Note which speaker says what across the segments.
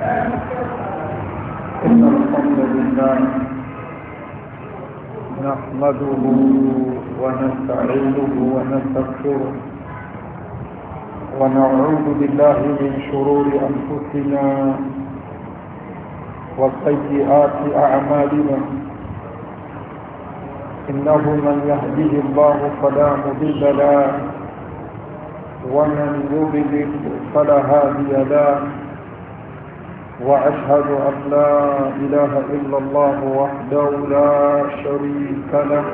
Speaker 1: إن الحمد
Speaker 2: لله نحمده ونستعينه ونستغفره ونعوذ بالله من شرور أنفسنا وسيئات أعمالنا إنه من يهديه الله فلا مضل له ومن يضلل فلا هادي له وأشهد أن لا إله إلا الله وحده لا شريك له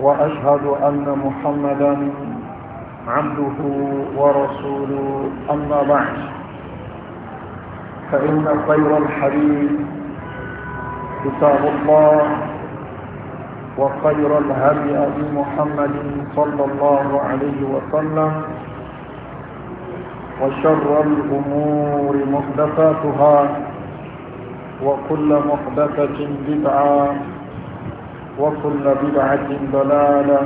Speaker 2: وأشهد أن محمدا عبده ورسوله أما بعد فإن خير الحديث كتاب الله وخير الهدي محمد صلى الله عليه وسلم وشر الأمور محدثاتها وكل محدثة بدعة وكل بدعة ضلالة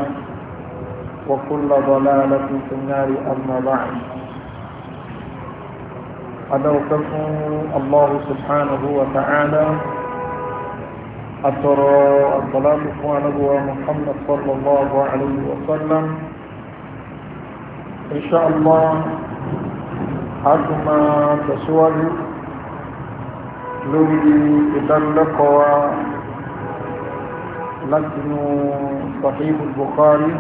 Speaker 2: وكل ضلالة في النار أما بعد أدوككم الله سبحانه وتعالى أترى الصلاة على محمد صلى الله عليه وسلم إن شاء الله a tún máa tẹ̀síwájú lórí ìdánilẹ́kọ̀ọ́ wa látinú Sahih Bukhari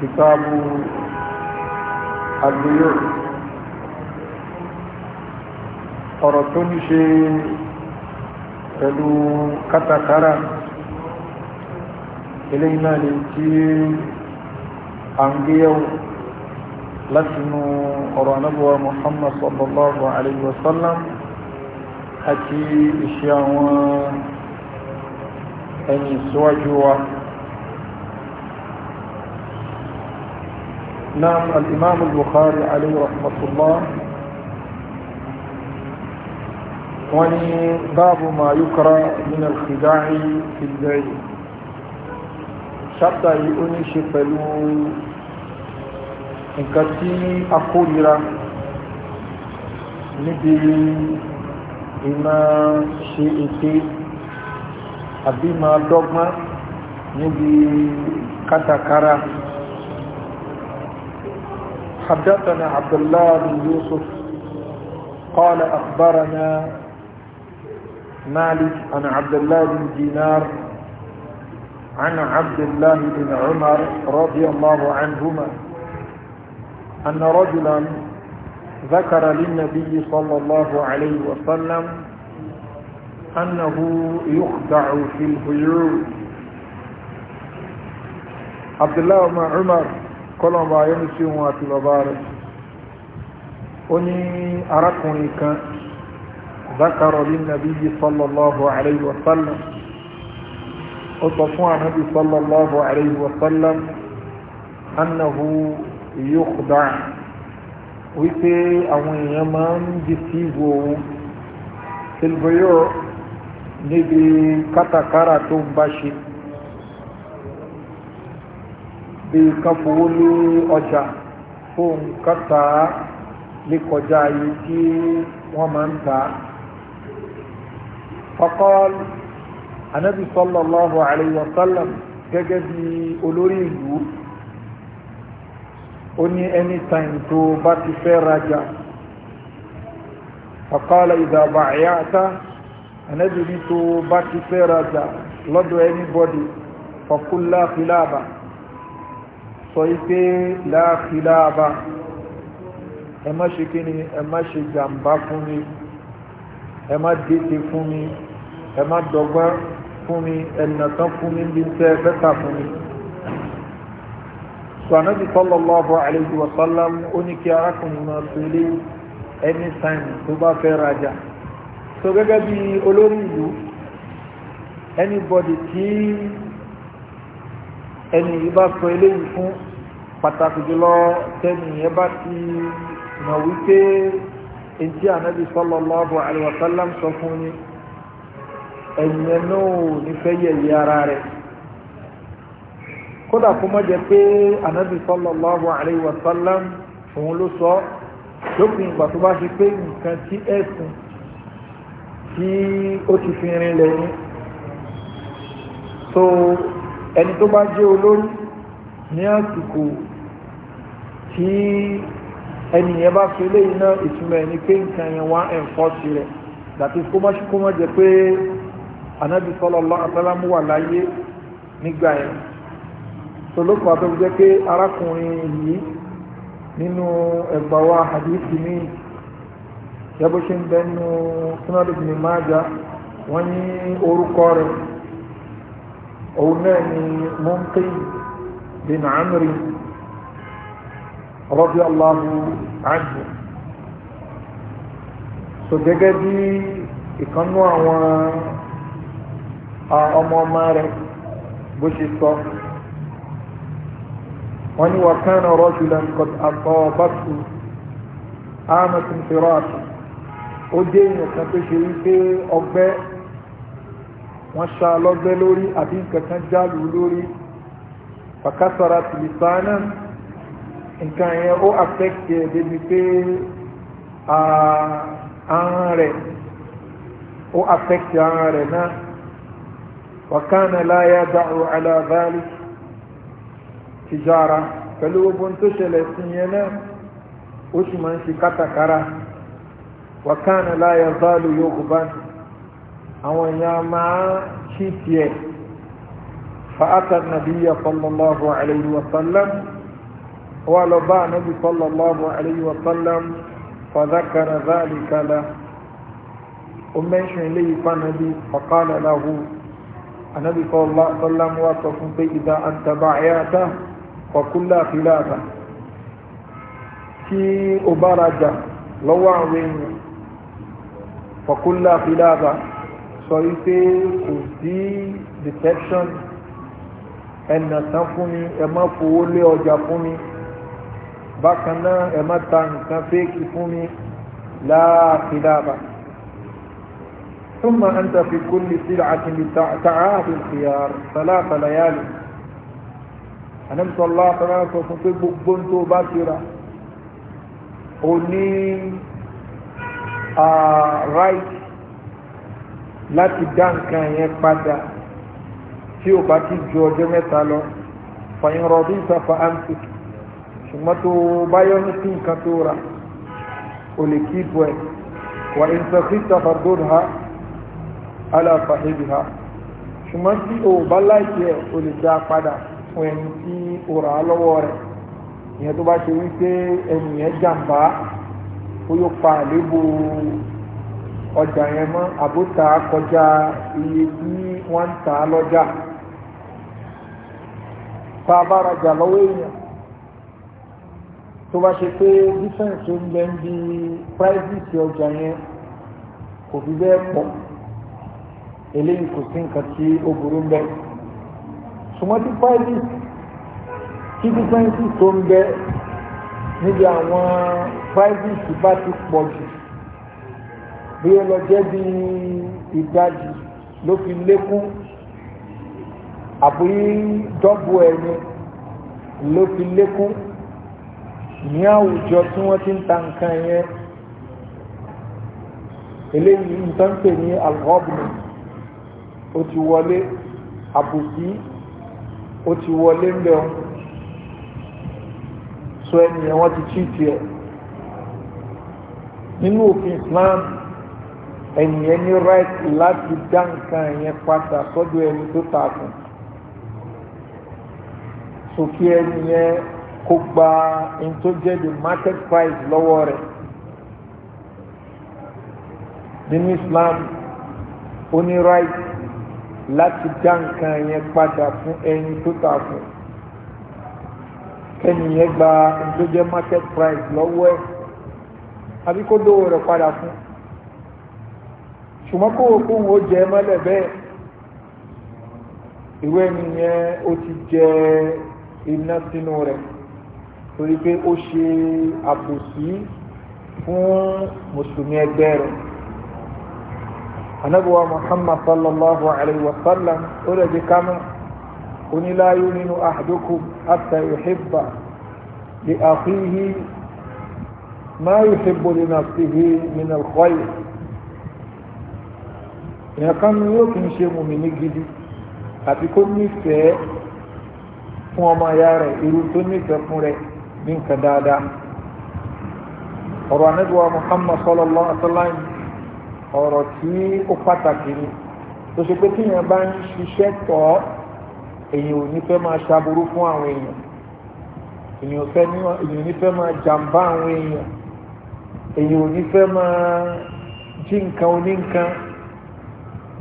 Speaker 2: kitabu àgbéyò ọ̀rọ̀ tó ní ṣe pẹ̀lú kátàkárà ilé iná lè tí a ń gbéyàwó látinú ọ̀rọ̀ anábọ̀wà Muhammad sallallahu alayhi wa sallam àti iṣẹ́ àwọn ẹni síwájú wa náà al-imam al-bukhari alayhi rahmatullah wọ́n ní báàbù ma yukra min al-khida'i fil ṣáptà yìí ó ní ṣe pẹ̀lú nǹkan tí a kórira níbi ìmọ̀ ṣe ète àbí ma dọ́gbọ́n níbi kátàkárà حدثنا عبد الله بن يوسف قال أخبرنا مالك عن عبد الله بن دينار عن عبد الله بن عمر رضي الله عنهما أن رجلا ذكر للنبي صلى الله عليه وسلم أنه يخدع في البيوت عبد الله بن عمر قال ما يمشي واتي ببارك أني أركني كان ذكر للنبي صلى الله عليه وسلم أطفوا النبي صلى الله عليه وسلم أنه yókùdá wípé àwọn èèyàn máa ń di sí ìwò ohun silvio níbi kátàkárà tó ń bá ṣe bí káfowó lé ọjà fóun kátà lè kọjá ayé tí wọ́n máa ń ta fọ́kọ́l anábì sallallahu alaihi wasallam gẹ́gẹ́ bí olórí ìlú ó ní anytime tó bá ti fẹ́ rajà fàkọ́lá ìdàbà àyáta ànábì ní tó bá ti fẹ́ rajà lọ́dọ̀ anybody fàkúlá fìlàbà sọ ipé láàfìlàbà ẹ má ṣe kí ni ẹ má ṣe jàǹbá fún mi ẹ má dìtì fún mi ẹ má fún mi ẹ̀nà tán fún mi bí n tẹ́ fẹ́ fún mi sọ̀nàbí sallallahu alayhi wa sallam ó ní kí arákùnrin máa tó ilé anytime tó bá fẹ́ rajà so gẹ́gẹ́ bí olórí ìlú anybody tí ẹni yìí bá sọ eléyìí fún pàtàkì jùlọ tẹ́nì yẹn ti mọ̀ wípé etí ànábì sallallahu alayhi wa sallam sọ fún ni ẹ̀yìn ẹ̀ náà ní fẹ́ yẹ̀yẹ́ ara rẹ̀ kódà kó mọ́ jẹ pé anábì sallallahu alayhi wa sallam òun ló sọ lópin ìgbà tó bá ṣe pé nǹkan tí ẹ̀sìn tí ó ti fi rin lẹ́yìn so ẹni tó bá jẹ́ olórí ní àsìkò tí ẹnìyẹn bá fi léyìn náà ìtumọ̀ ẹni pé nǹkan yẹn wá ẹ̀ǹfọ́sì rẹ̀ dàtí kó mọ́ ṣe kó pé anábì sallallahu alayhi wa wà láyé nígbà yẹn tolókọ̀ àtọ́ jẹ́ pé arákùnrin yìí nínú ẹgbà wa hadithi ní yẹ́bó ṣe ń bẹ nínú sunadu bin maja wọ́n ní orúkọ rẹ̀ òun náà ni mumkin bin amri radiyallahu anhu so gẹ́gẹ́ bí ìkànnú àwọn ọmọ ọmọ rẹ̀ bó ṣe sọ wọ́n ní wakana rajulan qad asabatu amatun firat ó dé èèyàn kan tó ṣe wípé ọgbẹ́ wọ́n ṣá lọ́gbẹ́ lórí àbí nǹkan kan jálù lórí pàkásàrà tìlìsánà nǹkan yẹn ó affect débi pé ahọ́n rẹ̀ ó affect ahọ́n rẹ̀ náà wakana la yada'u ala tìjára pẹ̀lú gbogbo tó ṣẹlẹ̀ sí yẹn náà ó sì máa ń ṣe kátàkárà wàkánà láyà záàlù yóò kú bá ní àwọn èèyàn máa ṣí tiẹ̀ fa'atar nabiya sallallahu alayhi wa sallam wa lọ bá nabi sallallahu alayhi wa sallam fàdákàrà záàlù kala ó mẹ́ṣin ilé yìí fàkálà láhù anabi sallallahu alayhi sọ fún pé ìdá àtàbà àyàtà ọ̀kúnlá àfíláàtà tí ó bá rajà lọ́wọ́ àwọn èèyàn ọ̀kúnlá àfíláàtà sọ wípé kò sí detection ẹ̀nà tán fún mi ẹ má fowó lé ọjà fún mi bákan náà ẹ má ta nǹkan fẹ́ẹ̀kì fún mi láàfíláàtà ثم أنت في كل سلعة بتعاهد الخيار ثلاث ليالي anamisọlá fẹ́ràn sọ fún pé gbogbo ń tó bá ti ra o ní right láti dá nǹkan yẹn padà tí o bá ti ju ọjọ́ mẹ́ta lọ fàyín rọ̀bí ìsàfà àǹtí ṣùgbọ́n tó bá yọ ní sí nǹkan tó ra o lè kí ipò ẹ̀ wà ìsàfì ìsàfà gbódò ha aláfàhìbì ha ṣùgbọ́n tí o bá láìpẹ́ o lè dá padà fún ẹni tí ó rà á lọ́wọ́ rẹ̀ ìyẹn tó bá ṣe wípé ẹni yẹn jàǹbá ó yóò pa àléébù ọjà yẹn mọ́ àbótà kọjá iye tí wọ́n ń tà á lọ́jà tá a bá rajà lọ́wọ́ èèyàn tó bá ṣe pé dífẹ́ǹsì oúnjẹ ń bi pírẹ́sìtì ọjà yẹn kò fi bẹ́ẹ̀ pọ̀ eléyìí kò sí nǹkan tí ó burú bẹ́ẹ̀ ṣùgbọ́n tí pọ́ìlì tí dífẹ́ǹsì tó ń bẹ níbi àwọn pọ́ìlì bá ti pọ̀ jù bí ó lọ jẹ́ bí ìdajì ló fi lékún àbí dọ́bù ẹ̀yìn ló fi lékún ní àwùjọ tí wọ́n ti ń ta nǹkan yẹn eléyìí nǹkan pè ní alhobni ó ti wọlé àbùsí ó ti wọlé ń bẹ̀ ọ́ sọ ẹnìyẹn wọ́n ti chíìtì ẹ̀ nínú òfin Islam ẹnìyẹn ní right láti dá nǹkan yẹn padà sọ́dọ̀ ẹni tó ta fún sókè ẹnìyẹn kó gba ẹni tó jẹ́ the market price lọ́wọ́ rẹ̀ nínú Islam ó ní right láti dá nǹkan yẹn padà fún ẹni tó tà fún kẹ́nìyẹn gba tó jẹ́ market price lọ́wọ́ ẹ̀ àbí kó dówó rẹ̀ padà fún ṣùgbọ́n kó o kóhun ó jẹ mọ́lẹ̀ bẹ́ẹ̀ ìwé ẹnìyẹn ó ti jẹ iná sínú rẹ̀ torí pé ó ṣe àbòsí fún mùsùlùmí ẹgbẹ́ rẹ̀ anabuwa muhammad sallallahu alayhi wa sallam ó lè jẹ kámọ́ oníláyú nínú ahadukum hatta yuhibba li akhihi ma yuhibbu li nafsihi min al-khayr èèyàn kan ní yóò kì í ṣe mùmíní gidi àti kó nífẹ̀ẹ́ fún ọmọ ìyá rẹ̀ irú tó nífẹ̀ẹ́ fún rẹ̀ ní nǹkan dáadáa ọ̀rọ̀ anábíwá muhammad sallallahu alaihi wa ọ̀rọ̀ tí ó pàtàkì ni tó ṣe pé tíyàn bá ń ṣiṣẹ́ tọ́ èyàn ò ní fẹ́ máa ṣaburú fún àwọn èèyàn èyàn ò ní fẹ́ máa jàǹbá àwọn èèyàn èyàn ò ní fẹ́ máa jí nǹkan oníǹkan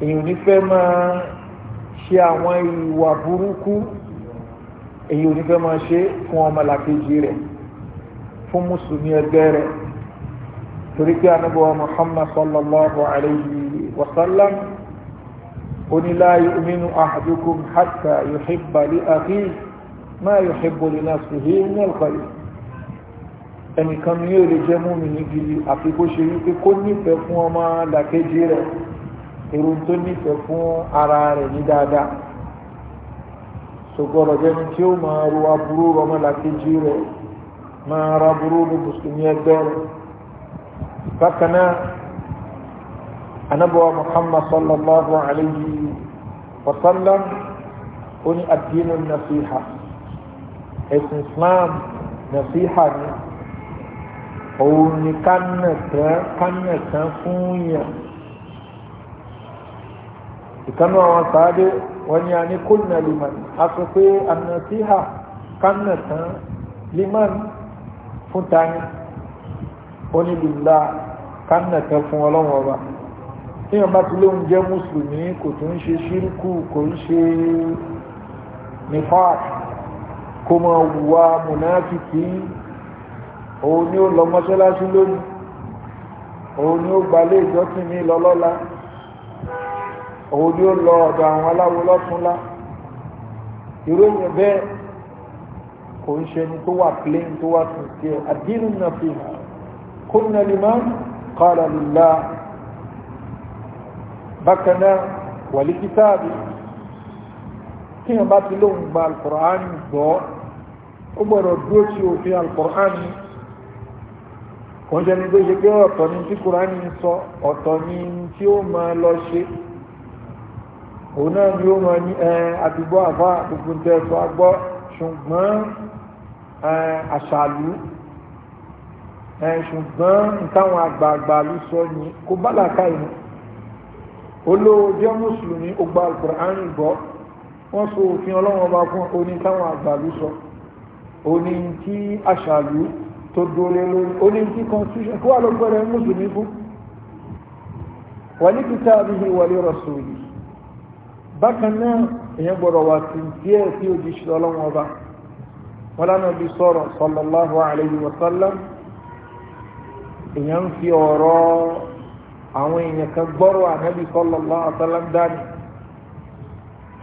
Speaker 2: èyàn ò ní fẹ́ máa ṣe àwọn ìwà burúkú èyàn ò ní fẹ́ máa ṣe fún ọmọlàkejì rẹ̀ fún mùsùlùmí ẹgbẹ́ rẹ̀ torí pé anábọ̀wá muhammad sallallahu alayhi wa sallam onílá yu'minu ahadukum hatta yuhibba li akhihi ma yuhibbu li nafsihi min al-khayr ẹnìkan ni yóò lè jẹ́ mùmínì gidi àfi kó ṣe wípé kó nífẹ̀ẹ́ fún ọmọ làkejì rẹ̀ èrò tó nífẹ̀ẹ́ fún ara rẹ̀ ní dáadáa sọgbọ́rọ̀ jẹ́ni tí ó máa ro aburú ọmọ làkejì rẹ̀ máa ra aburú ní mùsùlùmí ẹgbẹ́ rẹ̀ bákaná anabuwa muhammad sallallahu alayhi wa sallam ó ní àdínú nasiha ẹ̀sìn islam nasiha ni òun ni kánà tán fún yàn ìkánú àwọn sáadé wọ́n ni a ní kúlnà liman a sọ pé annasiha kánà tán liman fún tani onílùlá kánàkẹ́ fún ọlọ́wọ́ ọba tí wọ́n bá ti lóun jẹ́ mùsùlùmí kò tún ń ṣe ṣírkù kò ń ṣe nifaq kó mọ wùwà mùnáfìkì òun ni ó lọ mọ́ṣáláṣí lónìí òun ni ó gbalé ìjọ́sìn ní lọ́lọ́la òun ni ó lọ ọ̀dọ̀ àwọn aláwo lọ́túnlá ìròyìn bẹ́ẹ̀ kò ń ṣe ẹni tó wà plain tó wà sincere àdínú náà fi hàn قلنا لمن قال لله بكنا ولكتاب kí wọn bá ti lóun gba alkùránì gbọ́ ó gbọ́dọ̀ dúró tí pé ọ̀tọ̀ ni tí kùránì ń sọ ọ̀tọ̀ ni tí ó máa lọ ṣe òun náà ni ó máa ní àdúgbò àbá gbogbo tẹ agbọ́ ṣùgbọ́n àṣàlù ẹ̀ ṣùgbọ́n ntáwọn àgbààgbà ló sọ ni kò bá làákà yìí olówó jẹ́ mùsùlùmí ó gba alukur'an gbọ́ wọ́n so òfin ọlọ́wọ́n bá fún oní táwọn àgbà ló sọ oní tí àṣàlù tó dóore lórí oní tí constitution kó wà ló gbọ́dọ̀ mùsùlùmí fún wàlí kitabihi wàlí rasuli bákan náà èèyàn gbọ́dọ̀ wà sí díẹ̀ sí òjì ṣe ọlọ́wọ́n ọba wọn lánàá bí sọ̀rọ̀ sallallahu alayhi wa èèyàn ń fi ọ̀rọ̀ àwọn èèyàn kan gbọ́rọ̀ ànábì sallallahu alaihi wasallam dání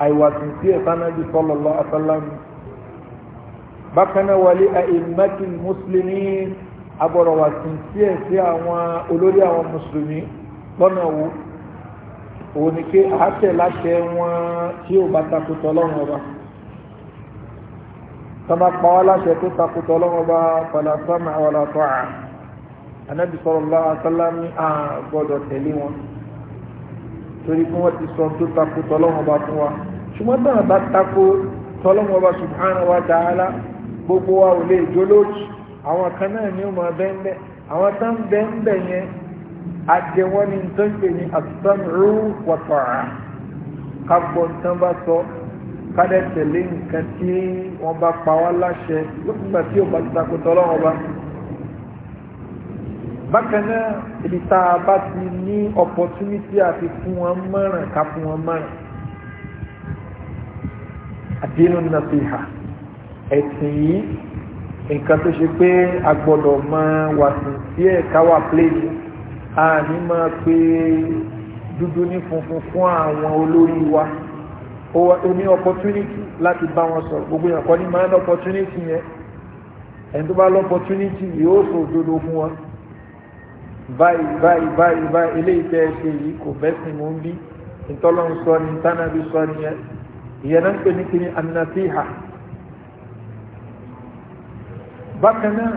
Speaker 2: àìwà tìǹtì ẹ̀fọ́ ànábì sallallahu alaihi wasallam bákan náà wọlé àìmẹ́kì mùsùlùmí agbọ́dọ̀ wà ẹ̀ sí àwọn olórí àwọn mùsùlùmí lọ́nà wo òun ni pé àátẹ̀ láṣẹ wọn tí ò bá takùtọ̀ ọlọ́run ọba tọ́ba pa wá láṣẹ tó takùtọ̀ ọlọ́run ọba pàlàtọ́mà ọ̀làtọ́ àá anábì sallallahu alaihi ní a gbọ́dọ̀ tẹ̀lé wọn torí fún wọn ti sọ tó takò tọ́lọ́wọ́n bá fún wa ṣùgbọ́n náà bá takò tọ́lọ́wọ́n bá wa ta'ala gbogbo wa ò lè jólóòjì àwọn kan náà ní ọmọ bẹ́ńbẹ́ àwọn tán bẹ́ńbẹ́ yẹn àjẹwọ́n ní tó ń pè ní as-sam'u wa ta'a ká gbọ́ tán bá sọ kádẹ́ tẹ̀lé nǹkan tí wọ́n bá pa wá láṣẹ lókùnkà tí ò bá ti takò tọ́lọ́wọ́n bákan náà ibi tá a bá ti ní opportunity àti fún wọn mọ̀ràn ká fún wọn mọ̀ràn àdínú nàfihà ẹ̀sìn yìí nǹkan tó ṣe pé a gbọ́dọ̀ máa wà sí sí ẹ̀ káwà pléyì a ní máa pé dúdú ní funfun fún àwọn olórí wa ó ní opportunity láti bá wọn sọ̀rọ̀ gbogbo èèyàn ní máa ní opportunity yẹn ẹni tó bá lọ́pọ̀tunity yóò sọ òdodo fún wọn báyìí báyìí báyìí báyìí eléyìí tẹ́ ẹ ṣe yìí kò bẹ́sìn mú bí ìtọ́lọ́n sọ ni tánàbí sọ ni ẹ ìyẹn náà ń pè ní kíni anasiha bákan náà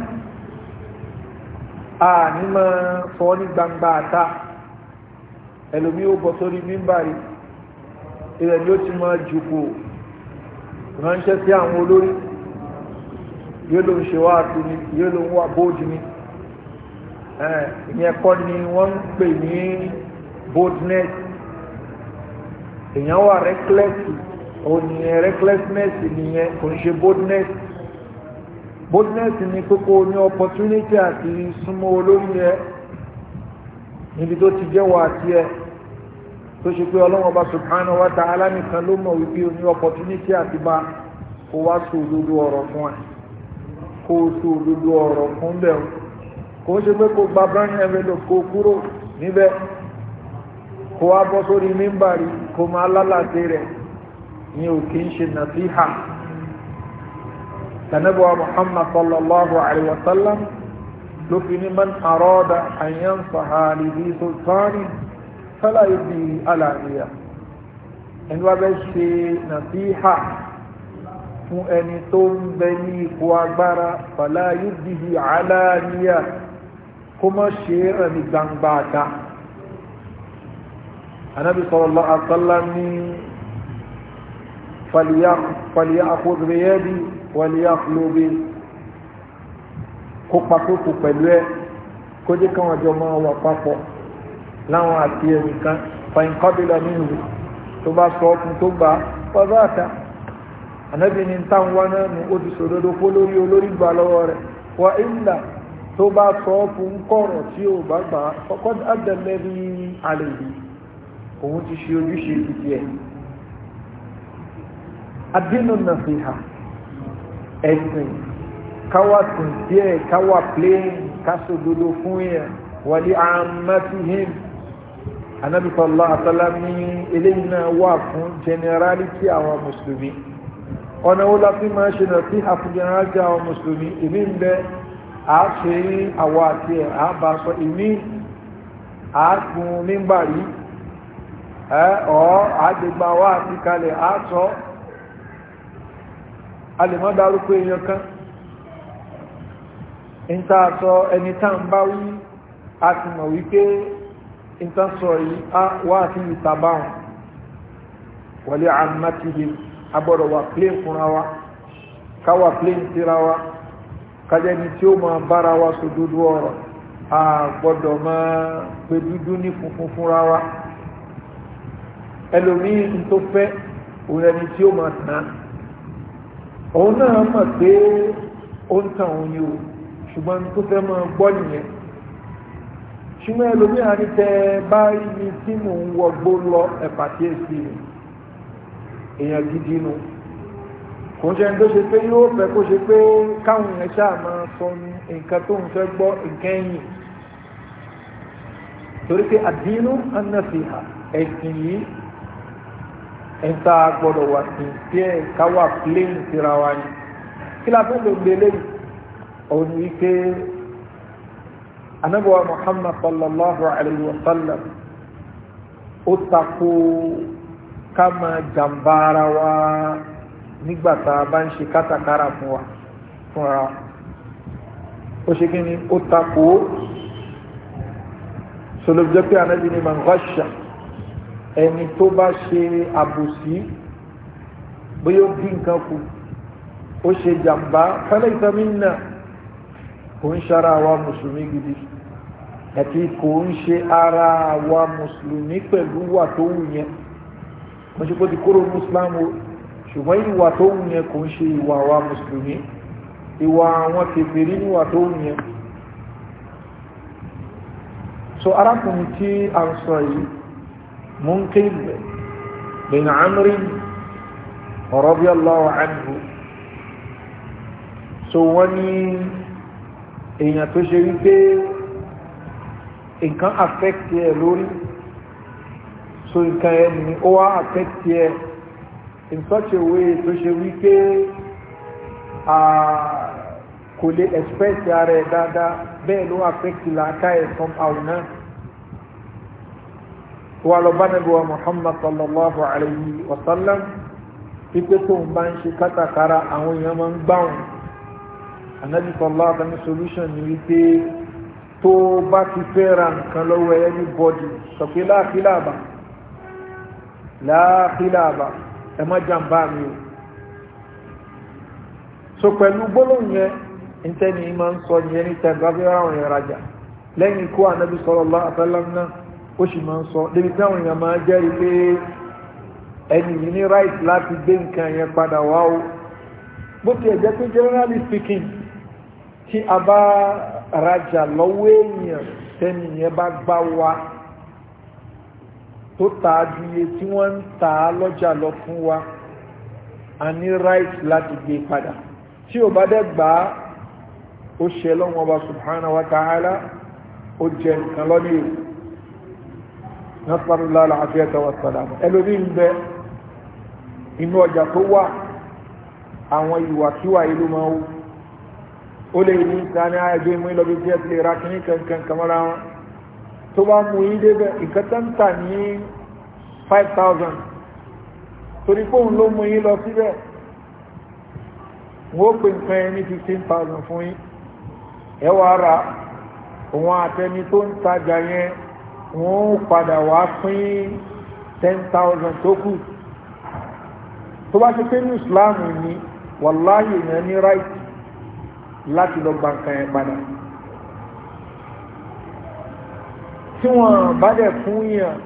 Speaker 2: a ní máa sọ ní gbangba àta ẹlòmí ó bọ́ sórí mímbàrí ilẹ̀ ni ó ti máa jùkú ránṣẹ́ sí àwọn olórí yóò ló ń ṣe wá àti ni yóò ló ń wà bóòjì ni. Eh, ìyẹn kọ́ ni wọ́n ń pè ní boldness èèyàn wà reckless òun recklessness nìyẹn kò ń ṣe boldness boldness ni kókó ní opportunity àti súnmọ́ olórí ẹ níbi tó ti jẹ́wọ́ àti ẹ tó ṣe pé ọlọ́run ọba subhanahu wa ta'ala nìkan ló mọ̀ wípé o ní opportunity àti bá kó wá sọ òdodo ọ̀rọ̀ fún ẹ kó kò ṣe pé kò gba brand envelope kò kúrò níbẹ̀ kò wá bọ́ sórí mímbàrí kò máa lálàtẹ rẹ̀ ní òkè ń ṣe nàfíhà tànàbọ̀ muhammad sallallahu alaihi wa sallam ló fi ní man àrọ́dà àyàn sàhálì bí sultani fẹ́láyé bí alàmìyà ẹni wá bẹ́ ṣe nàfíhà fún ẹni tó ń bẹ ní ipò agbára fẹ́láyé bí alàmìyà kó mọ́ ṣe é rẹ̀ ní gbangba ta anabi sallallahu alaihi wasallam ní فليأخذ بيدي وليخلو بي kó pakókò pẹ̀lú ẹ kó jẹ́ káwọn àjọ máa wà papọ̀ láwọn àti ẹ̀rìn kan fàyínkọ́bílà nínú tó bá sọ ọkùn tó gbà pọ́dọ́ àta ànábì ní táwọn wá náà ní ó ti olórí gbà lọ́wọ́ rẹ̀ wà ìlà tó bá sọ fún kọ̀rọ̀ tí ó bá gbà ọkọ̀ àdàmẹ́rí àlèyé òun ti ṣe ojúṣe títí ẹ̀ adínú nàfihà ẹ̀sìn káwà sùn díẹ̀ káwà plẹ́ẹ̀n kásòdodo fún yẹn wàlí àmàtìhìn anábìsọ̀lá àtàlámí eléyìí náà wà fún jẹnẹrálítì àwọn mùsùlùmí ọ̀nà wo la fi máa ṣe nàfihà fún jẹnẹrálítì àwọn mùsùlùmí musulmi ń bẹ́ẹ̀ a ṣe àwọ àti ẹ̀ a bá sọ ìmí àágùn mígbàrí ọ̀ àgbègbà wá àti kalẹ̀ a sọ a lè mọ́ dárúkọ èèyàn kan sọ ẹni bá wí a ti mọ̀ wípé ìta sọ yìí wá àti ìtàbáhùn wọlé àmàtìhì agbọ́dọ̀ wà fúnra wa káwà plé síra wa kájẹ́ni tí ó máa bára wa sọ dúdú ọ̀rọ̀ a gbọ́dọ̀ máa pe dúdú ní funfun fúnra wa ẹlòmíín tó fẹ́ òun ẹni tí ó máa tàn òun náà mọ̀ pé ó ń tàn òun ni o ṣùgbọ́n tó fẹ́ máa gbọ́ nìyẹn ṣùgbọ́n ẹlòmíín àní tẹ bá tí mò ń wọgbó lọ ẹ̀pàkíyèsí mi èèyàn gidi nu. No kò ń ṣe ń tó ṣe pé yóò fẹ́ kó ṣe pé káwọn èèyàn ṣáà máa sọ nǹkan tó ń fẹ́ gbọ́ nǹkan ẹ̀yìn torí pé àdínú anáfihà ẹ̀sìn yìí ẹ̀ta gbọ́dọ̀ wà sí sí ẹ̀ káwà plane síra wa ni kí la fẹ́ lò gbélé òun ni pé anábọ̀wá Muhammad sallallahu alayhi wa sallam ó takò ká máa jàǹbá ara wa nígbà tá a bá ń ṣe kátàkárà fún wa fúnra ó ṣe kí ni ó takò ó sọlọ́jọ́ pé anábì ni man ghasha ẹni tó bá ṣe àbòsí bóyá ó dín nǹkan kù ó ṣe jàǹbá falaysa minna kò ń ṣara àwa mùsùlùmí gidi àti kò ń ṣe ara àwa mùsùlùmí pẹ̀lú wà tó wù yẹn mo ṣe kó ti kúrò ní o ṣùgbọ́n ìwà tó wù yẹn kò ń ṣe ìwà wa mùsùlùmí ìwà àwọn kèfèrí níwà tó wù yẹn so arákùnrin tí a ń sọ yìí munkil bin amrin radiyallahu anhu so wọ́n ní èèyàn tó ṣe wípé nǹkan affect ẹ lórí so nǹkan ẹni ó wá affect ẹ in such a way tó ṣe wípé kò lè express ara ẹ̀ dáadáa bẹ́ẹ̀ ló affect làákà ẹ̀ somehow náà wà lọ bá nàbí wa muhammad sallallahu alayhi wa sallam pípé tó ń bá ń ṣe kátàkárà àwọn èèyàn máa ń gbáhùn anabi sallallahu alayhi wa sallam solution ni wípé tó bá ti fẹ́ ra nǹkan lọ́wọ́ everybody sọ pé láàfin làbà láàfin làbà. ẹ má jàǹbá mi o so pẹ̀lú gbólóhùn yẹn ntẹ́ni máa ń yẹn ní tẹ̀gbá bí àwọn èèyàn rajà lẹ́yìn ikú ànábi sallallahu alaihi wasallam náà ó sì máa ń sọ débi tí àwọn èèyàn máa jẹ́ ilé ẹni yìí ní right láti gbé nǹkan yẹn padà wá o bó tiẹ̀ jẹ́ pé generally speaking tí a bá rajà lọ́wọ́ èèyàn tẹ́ni yẹn bá gbá wa. tó ta ju iye tí wọ́n ń ta lọ́jà lọ fún wa a ní right láti gbé padà tí ò bá dẹ̀ gbà á ó ṣe lọ́wọ́n ọba subhanahu wa ta'ala ó jẹ nǹkan lọ́nà èrò nasarulla alafiyata wa salama ẹlòmí ń bẹ inú ọjà tó wà àwọn ìwàkíwà ìlú máa wú ó lè ní ìta ní ààbẹ̀ mú ìlọ́bí tí ẹ ti lè ra kíní kankan kamara wọn tó bá mú yí débẹ̀ ìkẹtẹ́ntà ní 5000 torí pé òun ló mú yí lọ síbẹ̀ wọ́n pè nǹkan ẹni 15000 fún yí ẹwà ara òun àtẹni tó ń tajà yẹn wọ́n padà wá pín 10000 tó kù tó bá ṣe pé ní islam ní wàláyé yẹn ní right láti lọ gba yẹn padà tí wọ́n bá dẹ̀ fún yàn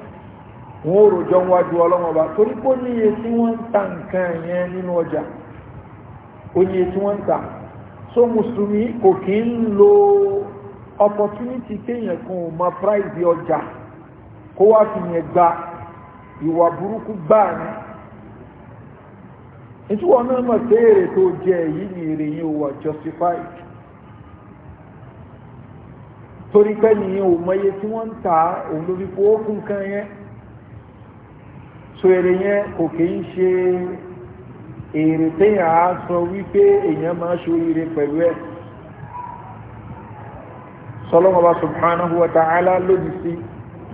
Speaker 2: wọ́n ò rojọ́ wájú ọlọ́mọba torí pé ó ní iye tí wọ́n ń ta nǹkan yẹn nínú ọjà ó tí wọ́n ń ta so mùsùlùmí kò kí ń lo opportunity kéèyàn kan ò mọ price ọjà kó wá fi yẹn gba ìwà burúkú gbáà ni nítorí wọn náà mọ̀ sí èrè tó jẹ èyí ni èrè yìí wà justified torí pé ní o mọye tí wọ́n ń ta òun ló fi fowó fún nǹkan yẹn so èrè yẹn kò kì í ṣe èrè téèyàn á sọ wípé èèyàn máa ṣe oríire pẹ̀lú ẹ̀ sọlọ́mọ bá subhanahu wa ta'ala lòdì sí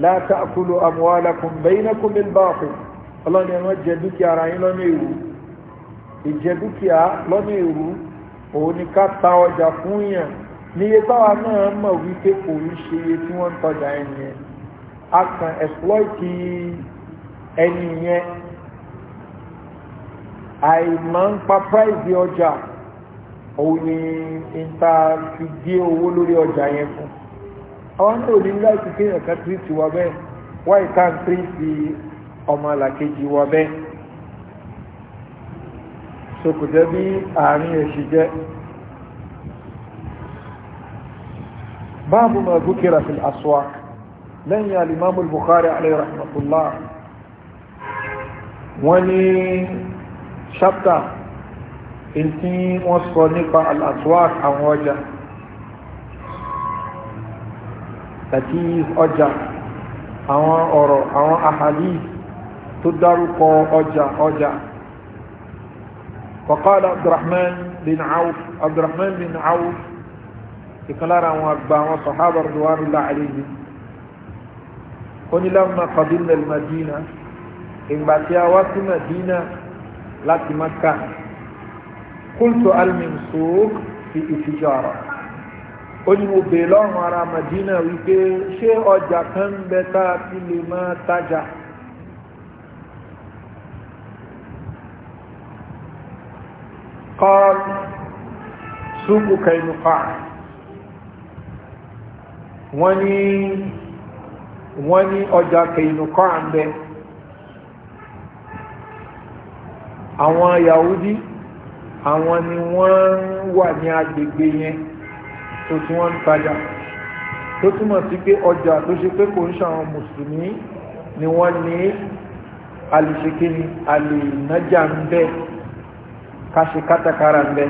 Speaker 2: la ta'kulu amwalakum bainakum bil batil ọlọ́ni ẹ̀wọ̀n jẹ dúkìá ara yín lọ́nà èrú ìjẹ dúkìá lọ́nà èrú òun ni ká ta ọjà fún yàn níye táwa náà mọ̀ wípé kò ń ṣe iye tí wọ́n ń tọ́jà ẹni yẹn a kàn ẹ̀sìlọ́ìtì ẹni yẹn àìmọ̀ ń pa price ọjà òun ni ìta fi gé owó lórí ọjà yẹn fún àwọn náà ní láti kéèyàn kan tírìtì wa bẹ́ẹ̀ wá ìta ń tírìtì ọmọ àlàkejì wa bẹ́ẹ̀ sokòjẹ́ bí àárín ẹ̀ṣì jẹ́. báàbù ma dúkìrà fi aswak lẹ́yìn alimamu bukhari alayhi rahmatullah wọ́n ní ṣáptà tí wọ́n sọ nípa al-aswak àwọn ọjà àti ọjà àwọn ọ̀rọ̀ àwọn ahadith tó dárúkọ ọjà ọjà وقال عبد الرحمن بن عوف عبد الرحمن بن عوف ìkan lára àwọn àgbà àwọn sọ̀hábà radwanullahi alayhim ó ní lamma qabilna al-Madina ìgbà tí a wá sí Madina láti Makka qultu hal min suq fi tijara ó ní mo bèè lọ́rùn ara Madina wípé ṣé ọjà kan bẹ tá a ti lè máa tajà قال سوق كينقاع wọ́n ní ọjà kẹ̀yìnùkọ́ à àwọn yahudi àwọn ni wọ́n wà ní agbègbè yẹn tó tí wọ́n ń tajà tó túnmọ̀ sí pé ọjà tó ṣe pé kò ń ṣàwọn mùsùlùmí ni wọ́n ní alìṣekíni alìnájà ń bẹ káṣe kátàkárà ń bẹ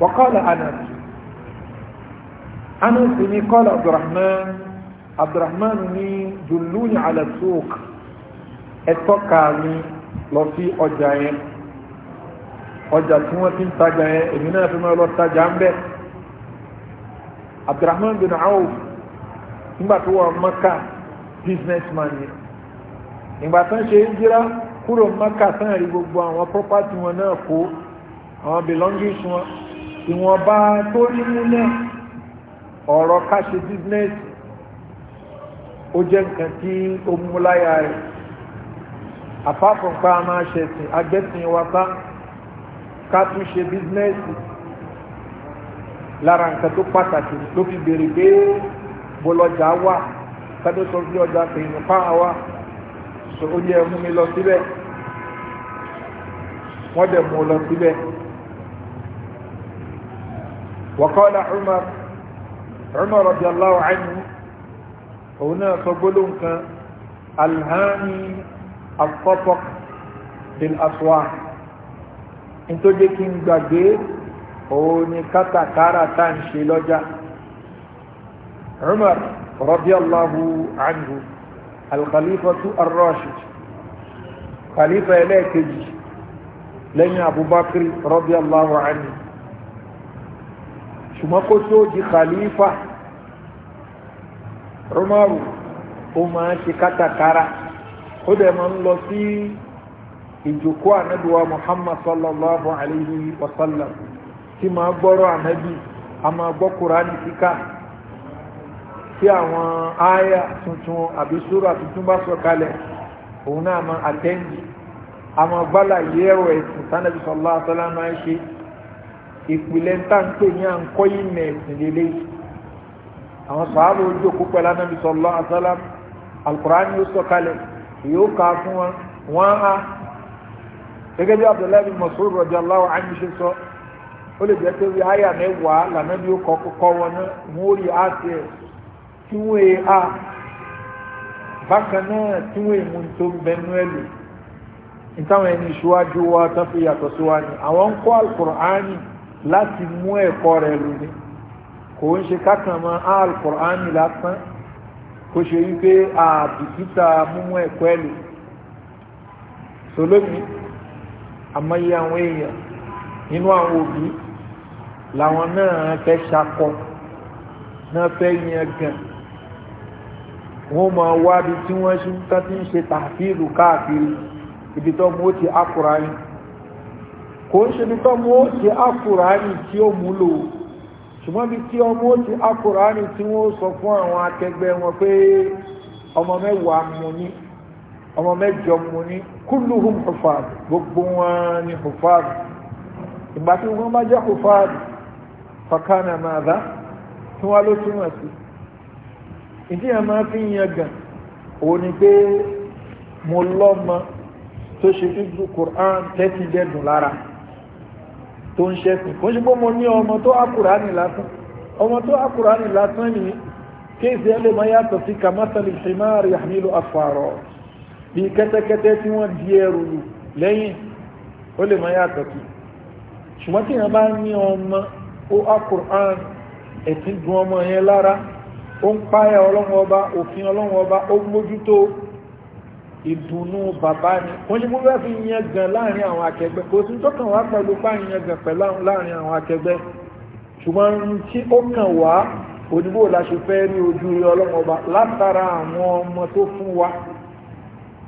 Speaker 2: wọ́kọ́lá anas anas ni kọ́lá abdulrahman abdulrahman ni dùlúni alasok ẹ̀tọ́ kààmì lọ sí ọjà yẹn ọjà tí wọ́n ti ń tajà yẹn èmi náà fi máa lọ tajà ń bẹ̀ abdulrahman bin awf nígbà tó wà maka businessman ni ìgbà tán ṣe ń jíra kúrò maka tán gbogbo àwọn property wọn náà kó àwọn belongings wọn ìwọ̀nba tó rí mú náà ọ̀rọ̀ ká ṣe bísínẹ́sì ó jẹ́ nǹkan tí ó mú láyà rẹ̀ àpapọ̀pá máa ṣẹ̀sìn agbẹ́sìn wa bá ká tún ṣe bísínẹ́sì lára nǹkan tó pàtàkì ló fi béèrè pé bọ́lọ́jà wà kádó sọ ọjà pèyìn fáwọn wa sọ ó yẹ mú mi lọ síbẹ̀ wọ́n dẹ̀ mú lọ síbẹ̀ wọ́kọ́ ọ̀la Umar. Umar radiyallahu anhu òun náà sọ gbólóhùn kan alhani akọ́pọ̀ bil aswa in tó jẹ́ kí n gbàgbé òun ni kátàkárà tá ń ṣe lọ́jà Umar radiyallahu anhu alkhalifatu ar-rashid khalifa ẹlẹ́ẹ̀kejì lẹ́yìn abubakar radiyallahu anhu ṣùgbọ́n kó tó di khalifa Umaru ó máa ń ṣe kátàkárà ó dẹ̀ máa ń lọ sí ìjòkó ànábìwá Muhammad sallallahu alayhi wa sallam tí máa gbọ́rọ̀ ànábì a máa gbọ́ kúránì kíkà tí àwọn ááyà tuntun àbí súrà tuntun bá sọ kalẹ̀ òun náà máa àtẹ́ǹdì a máa gbálà yẹ́rọ ẹ̀sìn sanabi sallallahu alayhi wa sallam ìpìlẹ̀ táǹpé ní à ń kọ́ ìmẹ̀ ẹ̀sìn lélẹ́ àwọn sàárò ojú òkú pẹ̀lú anábì sọ̀lọ́ àsálàm alukur'an yóò sọ kalẹ̀ yóò kà á fún wọn wọn á gẹ́gẹ́ bí abdullahi bin masoud rọ̀jà aláwọ̀ ányíṣe sọ ó lè jẹ́ pé wí àyà mẹ́wàá lànà bí ó kọ́ kọ́ wọn náà wọ́n rí àti ẹ̀ tí wọ́n è e á bákan náà tí wọ́n èmú e tó bẹnu ẹ̀ lò nítawọn ẹni ìṣíwájú wa tán fi yàtọ̀ sí wa ni àwọn ń kọ́ alukur'ani láti mú ẹ̀kọ́ rẹ̀ lò ní kò ń ṣe kákan mọ́ alukur'ani lásán kò ṣe wípé àbìkítà múmú ẹ̀kọ́ ẹ̀ lò solómi àmọ́yé àwọn èèyàn nínú àwọn òbí làwọn náà fẹ́ ṣakọ náà fẹ́ yan gan wọ́n máa wá bí tí wọ́n ṣe ń tán tí ń ṣe tàfíìlù káàkiri ibi tó mú ó ti akùrá kò ń ṣe bí tọ́mọ ó ti akùránì tí ó múlò ṣùgbọ́n bí tí ọmọ ó ti akùránì tí wọ́n sọ fún àwọn akẹgbẹ́ wọn pé ọmọ mẹ́wàá mu ní ọmọ mẹ́jọ mu ní kulluhum hufad gbogbo wọn ni hufad ìgbà tí wọ́n bá jẹ́ hufad fakana madha tí wọ́n ló túmọ̀ sí ìdí ẹ̀ máa fi yan gàn òun ni pé mo lọ́mọ tó ṣe fi du Qur'an tẹ́tí dẹ́dùn lára tó ń ṣẹ́sìn kò ń ṣe pé mo ní ọmọ tó ákùránì lásán ọmọ tó ákùránì lásán ni kéèsì ẹ lè máa yàtọ̀ sí kàmásàlì ṣìmáàrì àmìlò afárọ̀ bí kẹ́tẹ́kẹ́tẹ́ tí wọ́n di ẹrù lẹ́yìn ó lè máa yàtọ̀ sí ṣùgbọ́n tí wọ́n bá ní ọmọ ó ákùránì ẹ̀sìn gun ọmọ yẹn lára ó ń páyà ọlọ́wọ́ ọba òfin ọlọ́wọ́ ọba ó mójútó ìdùnnú bàbá ni wọ́n ṣe múlẹ̀ fi yẹn gan láàrin àwọn akẹgbẹ́ kò sí tó kàn wá pẹ̀lú páyìn yẹn gan pẹ̀lú láàrin àwọn akẹgbẹ́ ṣùgbọ́n tí ó kàn wá oníbò láṣe fẹ́ rí ojú rí ọlọ́mọba látara àwọn ọmọ tó fún wa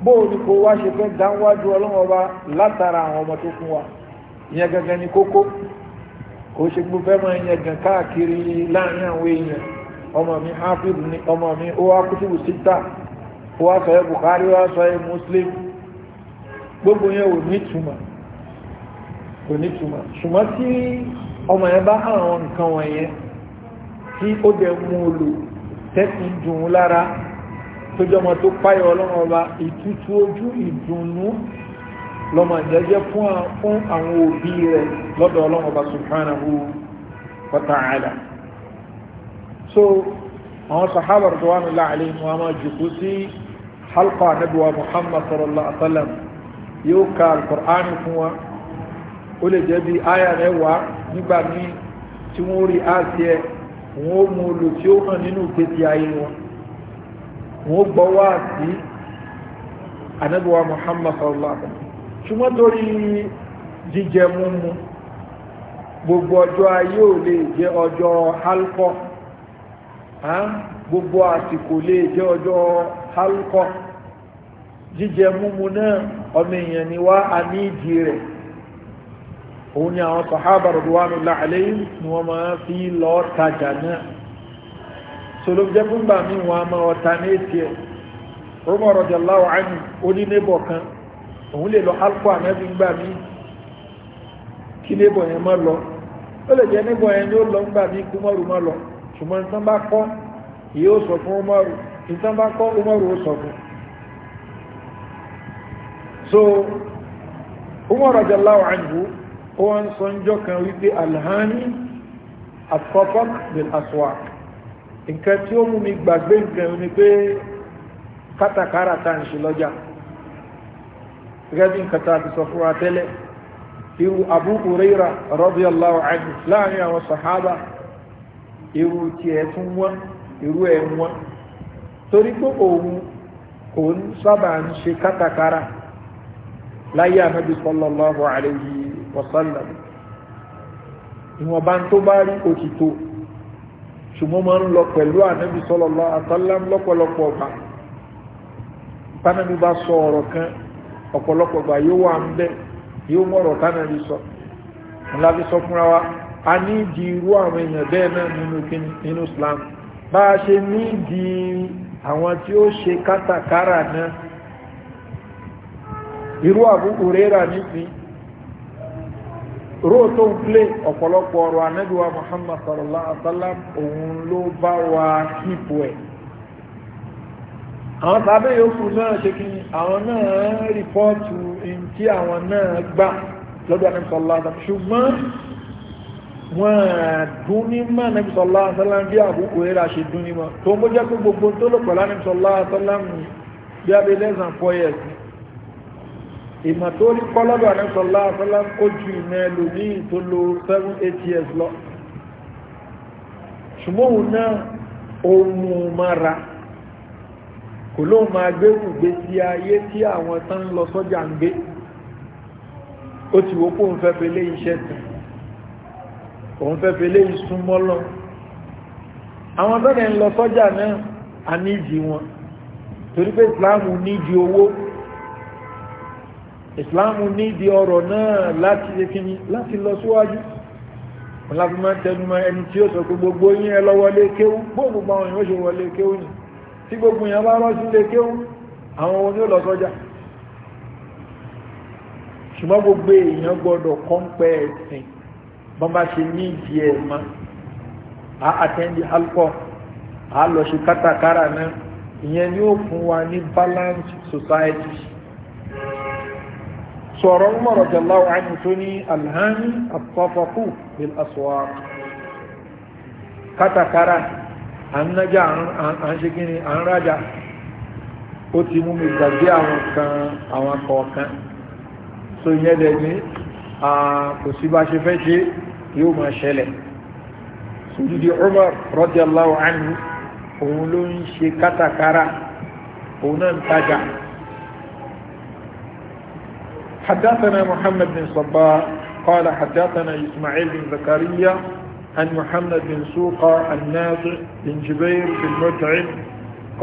Speaker 2: bó o ní kó wá ṣe fẹ́ dánwájú ọlọ́mọba látara àwọn ọmọ tó fún wa ìyẹn gangan ni kókó kò ṣe gbogbo fẹ́ máa yẹn gan káàkiri láàrin àwọn èèyàn ọmọ mi hafiz ni ọmọ mi ó wá kútùbù síta wọ́n sọ yẹ Bukhari wọ́n sọ yẹ Muslim gbogbo yẹn ò ní túmọ̀ kò ní túmọ̀ ṣùgbọ́n tí ọmọ yẹn bá àwọn nǹkan wọ̀nyẹn tí ó dẹ̀ mú un lò tẹ́sí dùn ún lára tó jọmọ tó páyọ̀ ọlọ́run ọba ìtútù ojú ìdùnnú lọ́mọ jẹ́jẹ́ fún àwọn òbí rẹ̀ lọ́dọ̀ ọlọ́run ọba subhanahu wa ta'ala so àwọn sahaba rẹ̀ tó wà nílá àlẹ́ ìmọ̀ àmọ́ jùkú sí halqa nabi wa muhammad sallallahu alaihi wa sallam yóò ka alukur'an fún wa ó lè jẹ́ bí aya rẹ̀ wá nígbà míì tí wọ́n rí àṣẹ wọ́n mú un lò tí ó hàn nínú ìgbésí ayé wọn wọ́n gbọ́ wá sí anabi wa muhammad sallallahu alaihi wa ṣùgbọ́n torí jíjẹ múmu gbogbo ọjọ́ ayé ò lè jẹ́ ọjọ́ halqa gbogbo àsìkò lè jẹ́ ọjọ́ alkọ jíjẹ múmu náà ọmọ èèyàn ni wá a ní ìdí rẹ̀ òun ni àwọn sọ̀hábà rọ̀dùwánù láàlẹ́ ni wọ́n máa fi lọ tajà náà solójẹ́ fúngbà mi wọn a máa ọ̀ta ní ètì ẹ̀ rọ́mọ̀ rọ̀dùláwò ánì onínébọ̀ kan òun lè lọ alkọ ànábi gbà mí kí nébọ̀ yẹn má lọ ó lè jẹ́ nébọ̀ yẹn yóò lọ gbà mí kú má lọ ṣùgbọ́n tán kọ́ yóò sọ fún mọ́rù ìtàn bá kọ́ umaru ó so umaru ajallahu anhu ó wá ń sọ ń jọ kan wípé alhani asfafak bil aswak nǹkan tí ó mú mi gbàgbé nǹkan ni pé kátàkárà tá à ń ṣe lọ́jà gẹ́gẹ́ bí nǹkan tá a ti sọ fún irú abu huraira radiyallahu anhu láàrin àwọn sahaba irú tiẹ̀ tún wọ́n irú ẹ̀ wọ́n torí pé òun kò ń sábà ń ṣe kátàkárà láyé ànábi sallallahu alayhi wa sallam ìwọ̀nba tó bá rí òtítọ́ ṣùgbọ́n máa ń lọ pẹ̀lú ànábi sallallahu alayhi lọ́pọ̀lọpọ̀ ọ̀gbà tánàbí bá sọ ọ̀rọ̀ kan ọ̀pọ̀lọpọ̀ ọ̀gbà yóò wà ń sọ sọ fúnra wa a ní ìdí irú àwọn èèyàn bẹ́ẹ̀ Islam bá a ṣe àwọn tí ó ṣe kátàkárà náà irú àbúkù rẹ́rà nísìn róò tó ń plé ọ̀pọ̀lọpọ̀ ọ̀rọ̀ anábíwá muhammad sallallahu alaihi wa sallam òun ló bá wa kíìpù ẹ̀ àwọn tàbí yòókù náà ṣe kí àwọn náà rìpọ́ọ̀tù in tí àwọn náà gbà lọ́dọ̀ wọ́n dún ní mọ́ Nabi sallallahu alaihi wasallam bí Abu Huraira ṣe dún ní mọ́ tó ń jẹ́ pé gbogbo tó lò pẹ̀lú Nabi sallallahu alaihi wasallam bí abẹ́ lẹ́sàn four years ìmọ̀ tó rí kọ́lọ́dọ̀ Nabi sallallahu alaihi wasallam ó ju ìmọ̀ ẹlòmíì tó lo seven eight years lọ ṣùgbọ́n òun náà ó mú un mára kò ló máa gbérù gbé sí ayé tí àwọn tán lọ sọ́jà ń gbé ó ti wó ń fẹ́ fẹ́ lé iṣẹ́ sìn òun fẹ́ fẹ́lẹ́ ìsúnmọ́ lọ àwọn tọ́lẹ̀ ń lọ sọ́jà náà a nídìí wọn torí pé ìsìláàmù nídìí owó ìsìláàmù nídìí ọ̀rọ̀ náà láti ekini láti lọ síwájú wọn láti máa tẹnumọ́ ẹni tí ó sọ pé gbogbo yín ẹ lọ wọlé kéwú gbogbo àwọn èèyàn ṣe wọlé kéwú ni tí gbogbo yẹn bá rọ́ sílé kéwú àwọn oní ò lọ sọ́jà ṣùgbọ́n gbogbo èèyàn gbọ́dọ̀ kọ́ńpẹ́ ẹ̀sìn bọ́n bá ṣe ní ìdí ẹ̀ mọ́ a àtẹ́ndì alkọ a lọ ṣe kátàkárà náà ìyẹn ni ó fún wa ní balanced society sọ̀rọ̀ ń mọ̀rọ̀ jẹ́ láwọn àyìn tó ní alhami àtọ́fọ́kù bil aswaq kátàkárà à ń nájà ó ti mú mi gbàgbé àwọn kan àwọn kọ̀ọ̀kan so ìyẹn dẹ̀ ní kò sí bá ṣe fẹ́ ṣe é yóò máa ṣẹlẹ̀ sojúdi Umar radiyallahu anhu òun ló ń ṣe kátàkárà òun náà ń tajà حدثنا محمد بن صباح قال حدثنا إسماعيل بن زكريا عن محمد بن سوق النافع بن جبير بن متعب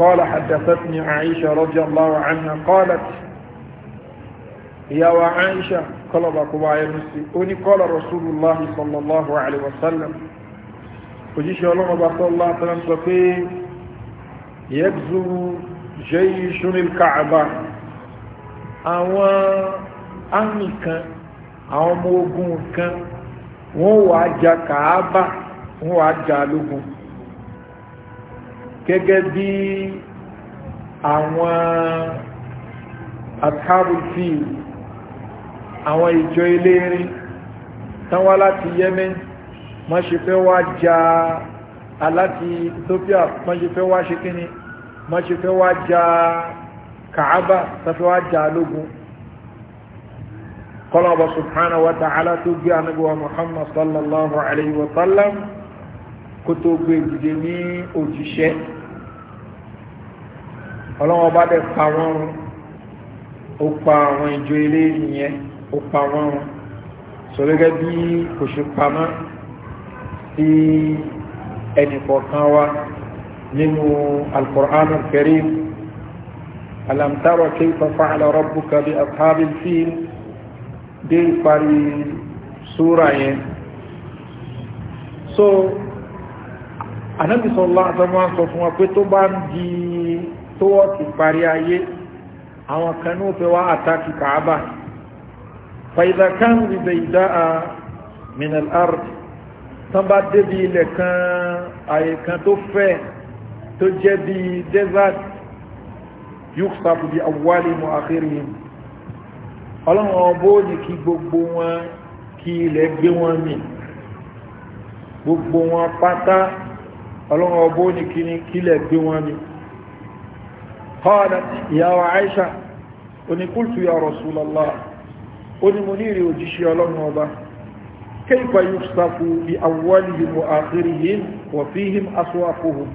Speaker 2: قال حدثتني عائشة رضي الله عنها قالت يا وعائشة kọlọ̀bà kó bá ẹnu sí ó ní kọ́lọ̀ rasulullahi sallallahu alaihi wasallam òjíṣẹ́ ọlọ́mọba sallallahu alaihi wasallam sọ pé yẹ́gzú jayshun al-ka'ba àwọn ámì kan àwọn ọmọ ogun kan wọ́n wà já kàábà wọ́n wà já lógun gẹ́gẹ́ bí àwọn ashabul fil àwọn ìjọ elérin tán wá láti yemen wọ́n ṣe fẹ́ wá ja aláti ethiopia wọ́n ṣe fẹ́ wá ṣe kíni wọ́n ṣe fẹ́ wá ja kàábà tán fẹ́ wá ja lógun kọlọ́bọ̀ subhanahu wa ta'ala tó gbé anábíwa muhammad sallallahu alayhi wa sallam kó tó gbé dìde ní òjíṣẹ́ ọlọ́wọ́ bá dẹ̀ pa wọ́n ó pa àwọn ìjọ ilé ìyẹn ó pa wọ́n wọn sọ gẹ́gẹ́ bí kò ṣe pamọ́ sí ẹnìkọ̀ọ̀kan wa nínú al-Qur'an al-Karim alam tara kayfa fa'ala rabbuka dé ìparí súra yẹn so Ànábì sallallahu alaihi wasallam sọ fún wa pé tó bá ń di tó wọ́n ti parí ayé àwọn kan fẹ́ wá àtàkì kàábà فإذا كانوا ببيداء من الأرض تنبا دبي لكان أي كان تفه تجدي دزات يخصف بأولهم وآخرهم ọlọ́run ọbọ́ ní kí gbogbo wọn kí ilẹ̀ gbé wọn mì gbogbo wọn pátá ọlọ́run ọbọ́ ní kí ní kí ilẹ̀ gbé wọn mì kọ́ọ̀dá ìyàwó Aisha oníkúltù ya Rasulullah ó ní mo ní ìrè òjíṣẹ́ ọlọ́run ọba kéèkọ́ yóò sàkó bí awọ́lìyìn wọ àkírí yìí wọ̀ fi him aṣọ àfòhùn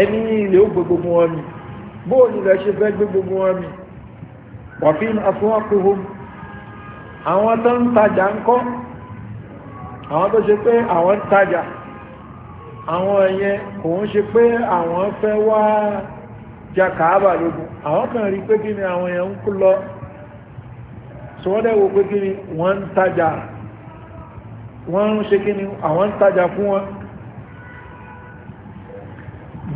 Speaker 2: ẹni ilé ó gbogbo wọn mi bóò ní ilẹ̀ ṣe fẹ́ gbogbo wọn mi wọ̀ fi him aṣọ àfòhùn àwọn tó ń tajà ń kọ́ àwọn tó ṣe pé àwọn ń tajà àwọn ẹ̀yẹn kò ń ṣe pé àwọn fẹ́ wá so wọ́n dẹ̀wò pé kí ni wọ́n ń tajà wọ́n ń ṣe kí ni àwọn ń tajà fún wọn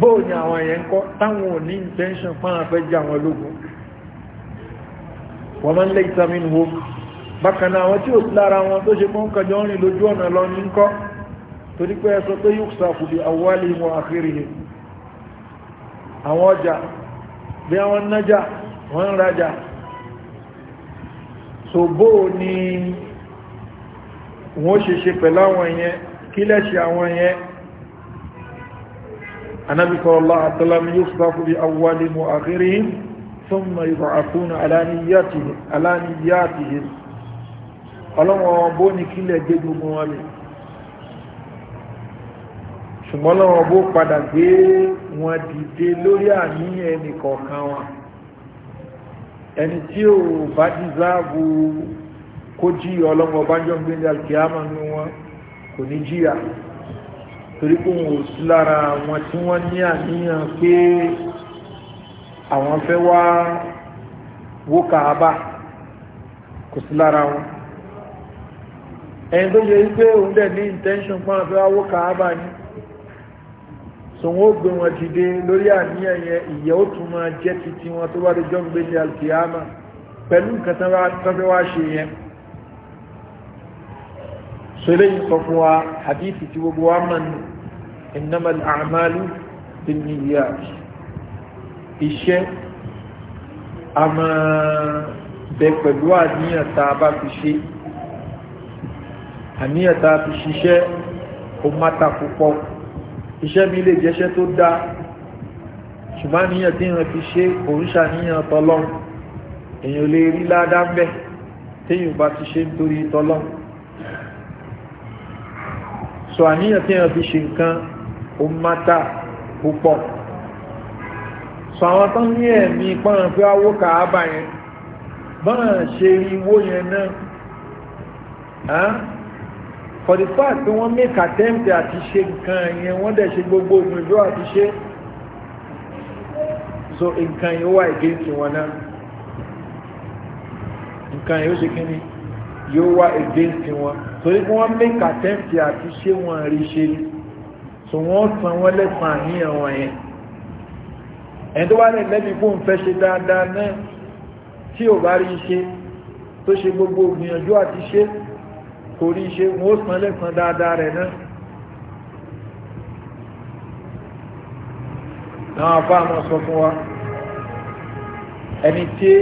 Speaker 2: bóò ni àwọn èèyàn ń kọ́ táwọn ní intention fún àwọn àwọn ológun wọ́n máa ń wọn tó ṣe pọ́n kàjọ rìn lójú ọ̀nà lọ ní kọ́ torí pé ẹsọ pé yóò sàkù bí àwọ́lé wọn àkírí ni àwọn so bó ni wọ́n ṣe ṣe pẹ̀láwọn yẹn kí lẹ́ṣẹ̀ àwọn yẹn anábi sọ́lá àtàlámi yóò sáfù bí awwali mu àkírí súnmọ̀ ìbọ̀ àkúnà aláníyàtìhì ọlọ́wọ́n bó ní kílẹ̀ gbé ẹni tí ó bá dìzáàbù kó jí ọlọ́mọ ọbájọ́ gbélé alkiyama ní wọn kò ní jíyà torí kò wò sí lára wọn tí wọ́n ní àníyàn pé àwọn fẹ́ wá wó kàábà kò sí lára wọn ẹni tó yẹ wípé òun dẹ̀ ní intention pọ́n fẹ́ wá wó kàábà ni so wọ́n gbé wọn dìde lórí àníyàn yẹn ìyẹ́ ó tún máa jẹ́ titi wọn tó wá lè jọ ń gbé ní alkiyama pẹ̀lú nǹkan tán fẹ́ wá ṣe yẹn so lẹ́yìn sọ fún wa hadithi tí gbogbo wa mọ̀ ní innamal a'malu bin niyyat iṣẹ́ a máa bẹ pẹ̀lú àníyàn bá fi ṣe àníyàn fi ṣiṣẹ́ ó má púpọ̀ iṣẹ́ mi lè jẹ́ṣẹ́ tó dá ṣùgbọ́n níyàn tí wọ́n fi ṣe òrìṣà níyàn tọ́lọ́n èyàn lè rí ládàá mbẹ́ téyàn bá ti ṣe nítorí tọ́lọ́n so àníyàn tí wọ́n fi ṣe nǹkan ó mátà púpọ̀ so àwọn tán ní ẹ̀mí pọ́nrán pé awó kàábà yẹn bọ́n ṣe rí wó yẹn náà for the fact pé wọ́n make attempt àti ṣe nǹkan yẹn wọ́n dẹ̀ ṣe gbogbo ògbìnjọ́ àti ṣe so nǹkan yẹn wà against wọn náà nǹkan yẹn ó ṣe kí ni yóò against wọn so pé wọ́n make attempt àti ṣe wọn rí ṣe so wọ́n san wọ́n lẹ́sàn àníyàn wọn yẹn ẹni tó bá lè lẹ́bi fún fẹ́ ṣe dáadáa náà tí ò bá rí ṣe tó ṣe gbogbo ògbìyànjú àti ṣe kò rí ṣe wọ́n ó san lẹ́san dáadáa rẹ̀ náà náà bá mọ́ sọ fún wa ẹni tí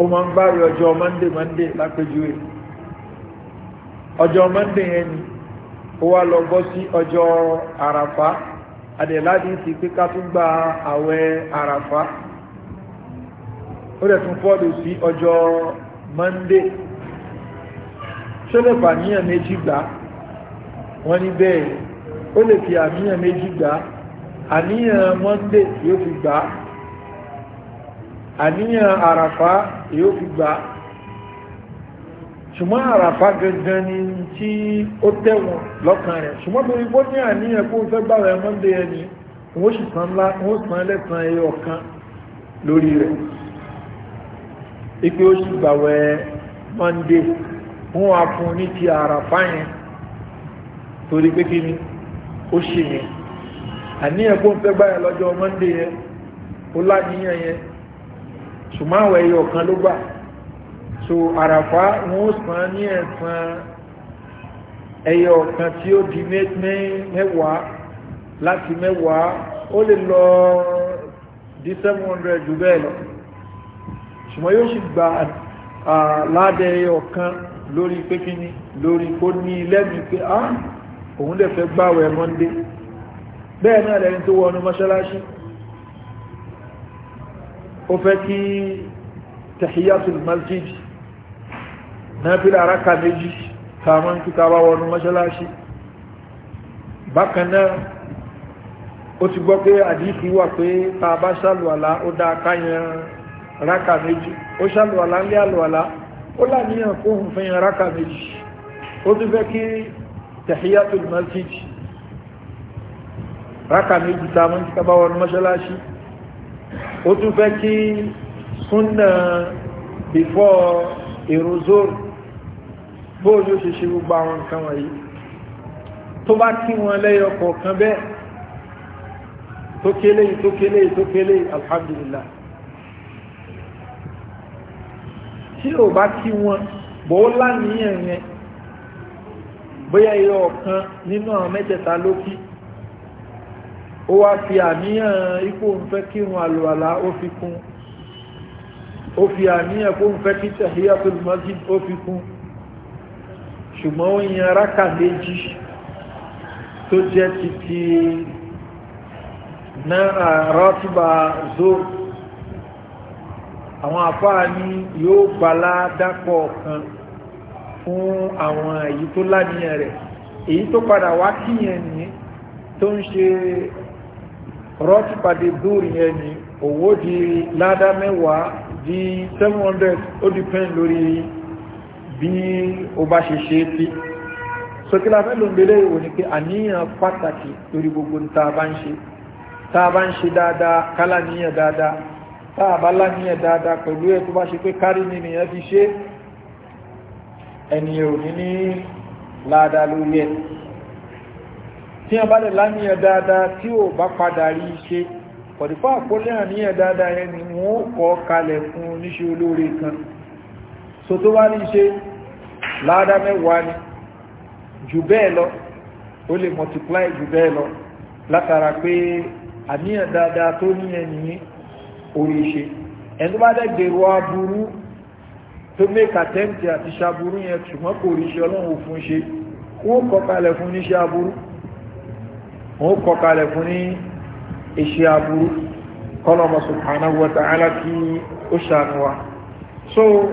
Speaker 2: ó máa ń gbárí ọjọ́ monday monday lápéjúwe ọjọ́ monday yẹn ni ó wá lọ bọ́ sí ọjọ́ àràfá adẹ̀láàdì ti pé ká tún gba àwẹ̀ àràfá ó dẹ̀ tún fọ́ọ̀lù sí ọjọ́ monday ṣó lè fà níyàn méjì gbà wọ́n ní bẹ́ẹ̀ ó lè fi àníyàn méjì gbà àníyàn monday yóò fi gbà àníyàn àràfá yóò fi gbà ṣùgbọ́n àràfá gangan ni tí ó tẹ̀wọ̀n lọ́kàn rẹ̀ ṣùgbọ́n torí bó ní àníyàn kó fẹ́ gbà rẹ̀ monday ẹni wọ́n sì san ńlá wọ́n san lẹ́sàn ẹyọ kan lórí rẹ̀ ipe ó sì gbàwẹ̀ monday wọ́n wá fún ní ti àràfá yẹn torí pé kí ni ó ṣe yẹn àníyàn kó ń fẹ́ gbáyà lọ́jọ́ mọ́ndé yẹn ó láníyàn yẹn ṣùgbọ́n ẹyọ kan ló gbà so àràfá wọn ó san ní ẹ̀sán ẹyọ kan tí ó di mẹ́wàá láti mẹ́wàá ó lè lọ di seven hundred jù bẹ́ẹ̀ lọ ṣùgbọ́n yóò sì gba ládẹ ẹyọ kan lórí pé kí ni lórí kó ní lẹ́mìí pé á ah, òun lè fẹ́ gbáwẹ̀ monday bẹ́ẹ̀ náà lẹ́ni tó wọnú mọ́ṣálásí ó fẹ́ kí tahiyatul masjid náà fi lára ka méjì tààmọ́ ń kíta wá wọnú mọ́ṣálásí bákan náà ó ti gbọ́ pé àdíkì wà pé ta bá ó dáa káyàn ráka méjì ó ṣàlùwàlá ń lé àlùwàlá ó láníyàn kó ń fẹ́ ìràkà méjì ó tún fẹ́ kí tahiyatul masjid rákà méjì tá a mọ́ ti kábá wọn mọ́ṣáláṣí ó tún fẹ́ kí súnà bífọ́ èròzóòrù bóòlù ó ṣe ṣe gbogbo àwọn nǹkan wọ̀nyí tó bá kí wọn lẹ́yọ bẹ́ẹ̀ tó kélé tó kélé tó kélé alhamdulillah tí ò bá kí wọn bó láníyàn yẹn bóyá iye ọ̀kan nínú àwọn mẹ́tẹ̀ẹ̀ta ló kí ó wá fi àníyàn ipò ń fẹ́ kírun àlùwàlá ó fi kún ó fi àníyàn kó ń fẹ́ kí tahiyatul masjid ó fi kún ṣùgbọ́n ó yan rákà méjì tó jẹ́ títí náà rọ́tíbà zoro àwọn àfáà ní yóò gbalá dápọ̀ kan fún àwọn èyí tó láníyàn rẹ̀ èyí tó padà wá kíyàn ní tó ń ṣe rọ́tí pàdé dúrì yẹn owó di ládá mẹ́wàá di 700 ó dìpẹ́ǹ lórí bí o bá ṣe ṣe tí sókílá fẹ́ ló ń belé ìwò ní pé àníyàn pàtàkì lórí gbogbo tá a ń ṣe dáadáa kálà níyàn dáadáa táà bá láníyàn dáadáa pẹ̀lú ẹ̀ tó bá ṣe pé kárí ni nìyàn fi ṣe ẹniyàn ò ní ní láadáa lórí ẹ̀ tí wọ́n bá lè láníyàn dáadáa tí ò bá padà rí ṣe pọ̀dípá àpólẹ́ àníyàn dáadáa yẹn ni wọ́n kọ́ kalẹ̀ fún oníṣẹ́ olóore kan so tó bá rí ṣe láadáa mẹ́wàá ni jù bẹ́ẹ̀ lọ ó lè multiply jù bẹ́ẹ̀ lọ látara pé àníyàn dáadáa tó ní ẹnìyàn orí ṣe ẹni tó bá dẹ̀ gbèrò aburú tó make attempt àti ṣaburú yẹn ṣùgbọ́n kò rí ṣe ọlọ́run òfin ṣe wọ́n kọkalẹ̀ fún ní ṣe aburú wọ́n kọkalẹ̀ fún ní ṣe aburú kọlọmọ so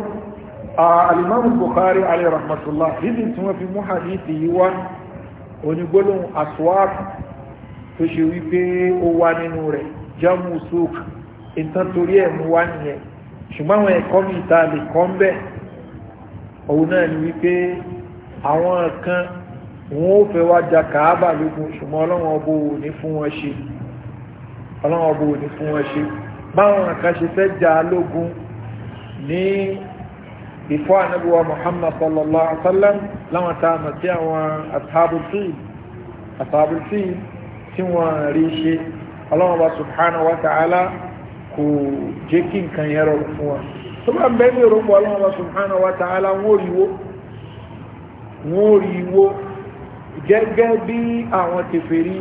Speaker 2: alimami Bukhari alayhi rahmatullah níbi tí wọ́n fi mú hadithi yìí wá onígbólóhùn aswak tó jamu suk ìtàn torí ẹ̀ mú wá nìyẹn ṣùgbọ́n àwọn ẹ̀kọ́ mi ta lè kọ́ ń bẹ̀ òun náà ni wípé àwọn kan wọn ò fẹ́ wá ja kàábà lógun ṣùgbọ́n ọlọ́run ọbọ ò ní fún wọn ṣe ọlọ́run ọbọ ò fún wọn ṣe báwọn kan ṣe fẹ́ ja lógun ní ìfọ́ ànábíwá muhammad sallallahu alaihi wa sallam láwọn tá a mọ̀ sí àwọn àtàbùtì tí wọ́n rí ṣe ọlọ́run ọba subhanahu wa ta'ala kò jẹ́ kí nǹkan yẹn rọrùn fún wa tó bá bẹ́ẹ̀ ní òrùngbọ̀ ọlọ́run subhanahu wa ta'ala wọ́n ò rí wó wọ́n ò rí wó gẹ́gẹ́ bí àwọn kèfèrí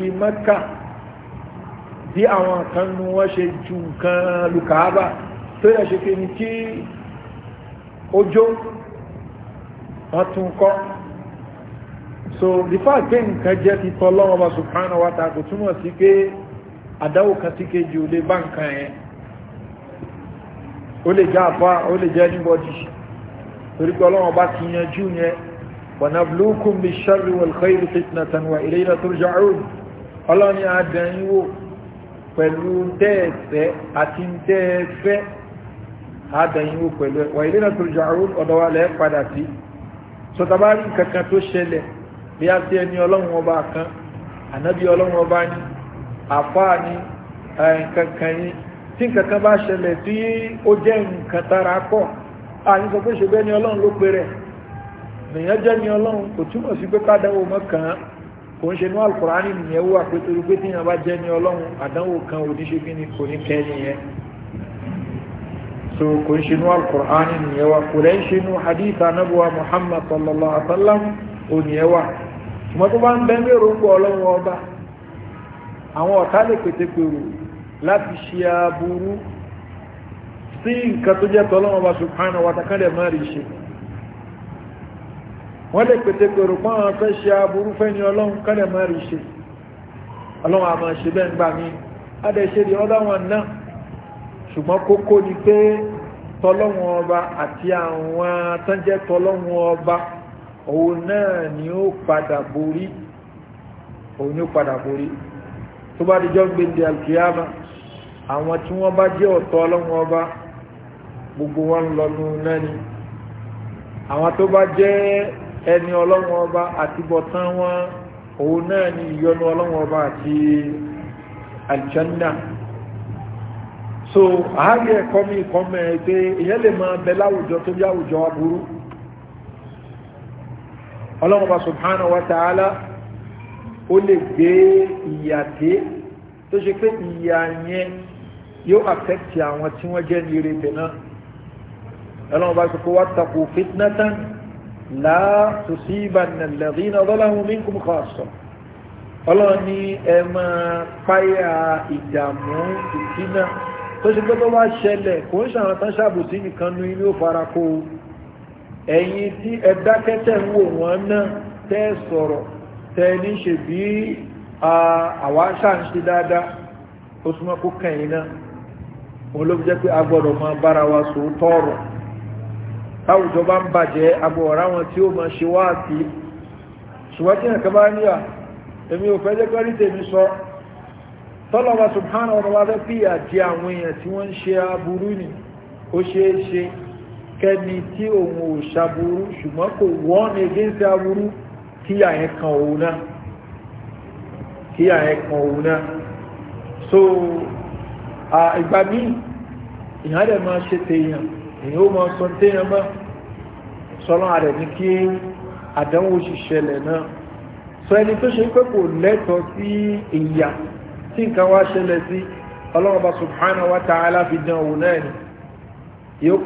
Speaker 2: kan nu wọ́n ṣe ju nǹkan lùkàábà tó yẹ ṣe kéni kí ojó wọ́n tún kọ́ so the fact pé nǹkan jẹ́ ti tọ́ lọ́wọ́ subhanahu wa ta'ala kò túmọ̀ sí pé àdáwò kan tí kejì ò lè bá nǹkan yẹn ó lè jẹ́ àbá ó lè jẹ́ anybody torí pé ọlọ́wọ́n bá ti yanjú yẹn wanablukum bi sharri wal khayri fitnatan wa ilayna turja'un ọlọ́ni adẹ̀yìnwó pẹ̀lú tẹ́ẹ̀fẹ́ àti tẹ́ẹ̀fẹ́ adẹ̀yìnwó pẹ̀lú wa ilayna turja'un ọ̀dọ̀wà lẹ́ padà tí nǹkan kan bá ṣẹlẹ̀ tí ó jẹ́ nǹkan tara kọ́ àyín sọ pé ṣe bẹ́ẹ̀ ni ọlọ́run ló pe rẹ̀ nìyẹn jẹ́ ni ọlọ́run kò túmọ̀ sí pé ká dánwò án kò ń ṣe ní nìyẹn pé tíyàn bá jẹ́ ni ọlọ́run àdánwò kan ò ní ṣe kí ni kò ní kẹ́ nìyẹn so kò ń ṣe ní alukurani nìyẹn wà kò rẹ̀ ṣe ní hadith anabuwa muhammad sallallahu wa sallam ò nìyẹn tó bá ń ọlọ́run láti ṣe aburú sí nǹkan tó jẹ́ tọ́lọ́wọ́n bá subhanahu wa ta'ala máa rí ṣe wọ́n lè pètè pèrò pọ́n àwọn fẹ́ ṣe aburú fẹ́ni ọlọ́run kálẹ̀ máa rí ṣe ọlọ́run àmọ́ ṣe bẹ́ẹ̀ ń gbà mí adẹ́ṣe di ọdá wọn náà ṣùgbọ́n kókó ni pé tọ́lọ́wọ́n ọba àti àwọn tánjẹ́ tọ́lọ́wọ́n alkiyama àwọn tí wọ́n bá jẹ́ ọ̀tọ́ ọlọ́run ọba gbogbo wọn ń lọ́nu lẹ́ni àwọn tó bá jẹ́ ẹni ọlọ́run ọba àti bọ̀tán wọn òun náà ni ìyọnu ọlọ́run ọba àti aljanna so àárí ẹ̀kọ́ mi kọ́ mẹ́ pé èyàn lè máa bẹ láwùjọ tó jẹ́ àwùjọ aburú ọlọ́run ọba subhanahu wa ta'ala ó lè gbé ìyàté tó ṣe pé ìyà yẹn yóò affect àwọn tí wọ́n jẹ́ ní irebe náà ẹlọ́run bá kókó wá takò fitnatan láàtúnṣíbà nàlẹ́rí náà lọ́láhùn mí kún kọ́ àṣọ ọlọ́run ní ẹ máa páyà ìdààmú ìdínà tó ṣe pé tó bá ṣẹlẹ̀ kò ń ṣàwọn tán ṣàbòsí nìkan nu inú farako ẹ̀yin tí ẹ dákẹ́tẹ̀ ń wò wọ́n náà tẹ́ sọ̀rọ̀ tẹ́ ní ṣe bí àwa ṣàǹṣe dáadáa ó súnmọ́ kó kẹ́yìn náà òun ló jẹ́ pé a gbọ́dọ̀ máa bára wa sòótọ́ ọ̀rọ̀ táwùjọ bá ń bàjẹ́ agbọ̀ọ̀rá wọn tí ó máa ṣe wá àti ṣùgbọ́n tí èmi ò fẹ́ jẹ́ kọ́rí tèmi sọ tọ́lọ́wà subhanahu wa ta'ala pí àti àwọn èèyàn tí wọ́n ń ṣe aburú ni ó ṣe é ṣe kẹ́ni tí òun ò ṣaburú ṣùgbọ́n kò wọ́n against aburú kí àyẹn kan òun náà kí àyẹn kan òun náà so ìgbà míì èèyàn dẹ̀ máa ṣe tèèyàn èèyàn ó máa sọ téèyàn mọ́ sọlọ́n àrẹ̀ ní kí àdánwò ṣiṣẹlẹ̀ náà sọ ẹni tó ṣe pé kò lẹ́tọ̀ọ́ sí ìyà tí nǹkan wá ṣẹlẹ̀ sí ọlọ́run subhanahu wa ta'ala fi dán òun náà ni yóò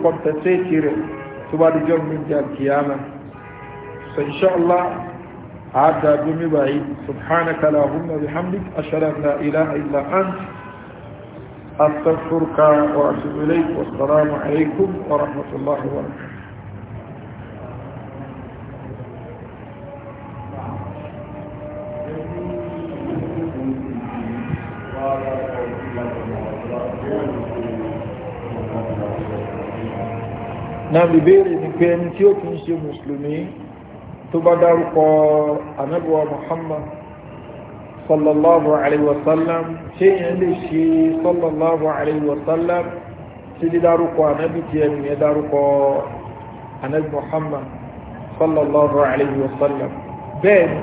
Speaker 2: أستغفرك وأتوب إليك والسلام عليكم ورحمة الله وبركاته náà nah, ìbéèrè ni pé ẹni tí ó kìí ṣe mùsùlùmí tó bá dárúkọ muhammad sallallahu alayhi wa sallam ṣé yẹn lè ṣe sallallahu alayhi wa sallam ṣe ti dárúkọ anabi tí ẹnu yẹn dárúkọ anabi muhammad sallallahu alayhi wa sallam bẹ́ẹ̀ ni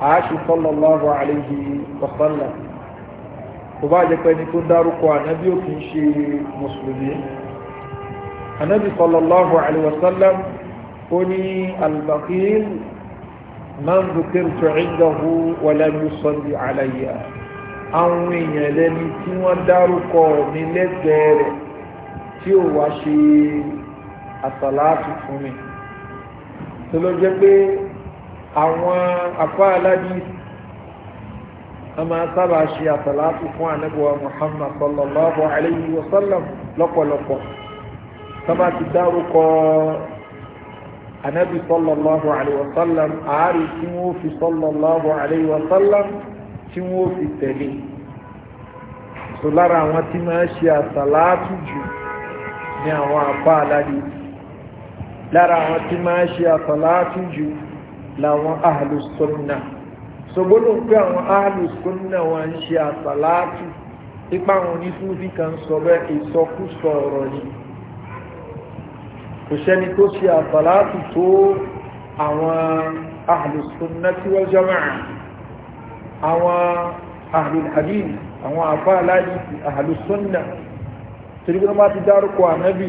Speaker 2: àáṣù sallallahu alayhi wa sallam kò bá jẹ́ pé ẹni tó dárúkọ anabi ò kì í ṣe mùsùlùmí anabi sallallahu alayhi wa ó ní albaqir man dhukirtu indahu wa lam yusalli alayya àwọn èèyàn lẹ́ni tí wọ́n dárúkọ mi lẹ́gbẹ̀ẹ́ rẹ̀ tí ò wá ṣe àsàlátù fún mi tó ló jẹ́ pé àwọn afá aládìsí ama sábà ṣe àtàlátù fún anábíwá muhammad sallallahu alayhi wa sallam lọ́pọ̀lọpọ̀ sábà ti dárúkọ anabi sallallahu alayhi wa sallam ààrí tí wọ́n fi sallallahu alayhi wa sallam tí wọ́n fi tẹ̀lé so lára àwọn tí máa ṣe àsàlátù jù ní àwọn àpá aládé lára àwọn tí máa ṣe àsàlátù jù láwọn ahlùsọ́nà so gbọ́dọ̀ pé àwọn ahlùsọ́nà wọn ń ṣe àsàlátù ipa àwọn onífúnfí kan sọ bẹ́ẹ̀ ìsọkúsọ ọ̀rọ̀ yìí kò sẹ́ni tó ṣe àtàlátù tó àwọn ahlùsùnnati wal jama'a àwọn ahlùhadith àwọn àfáàláyì ahlùsùnna torí wọ́n bá ti dárúkọ ànábì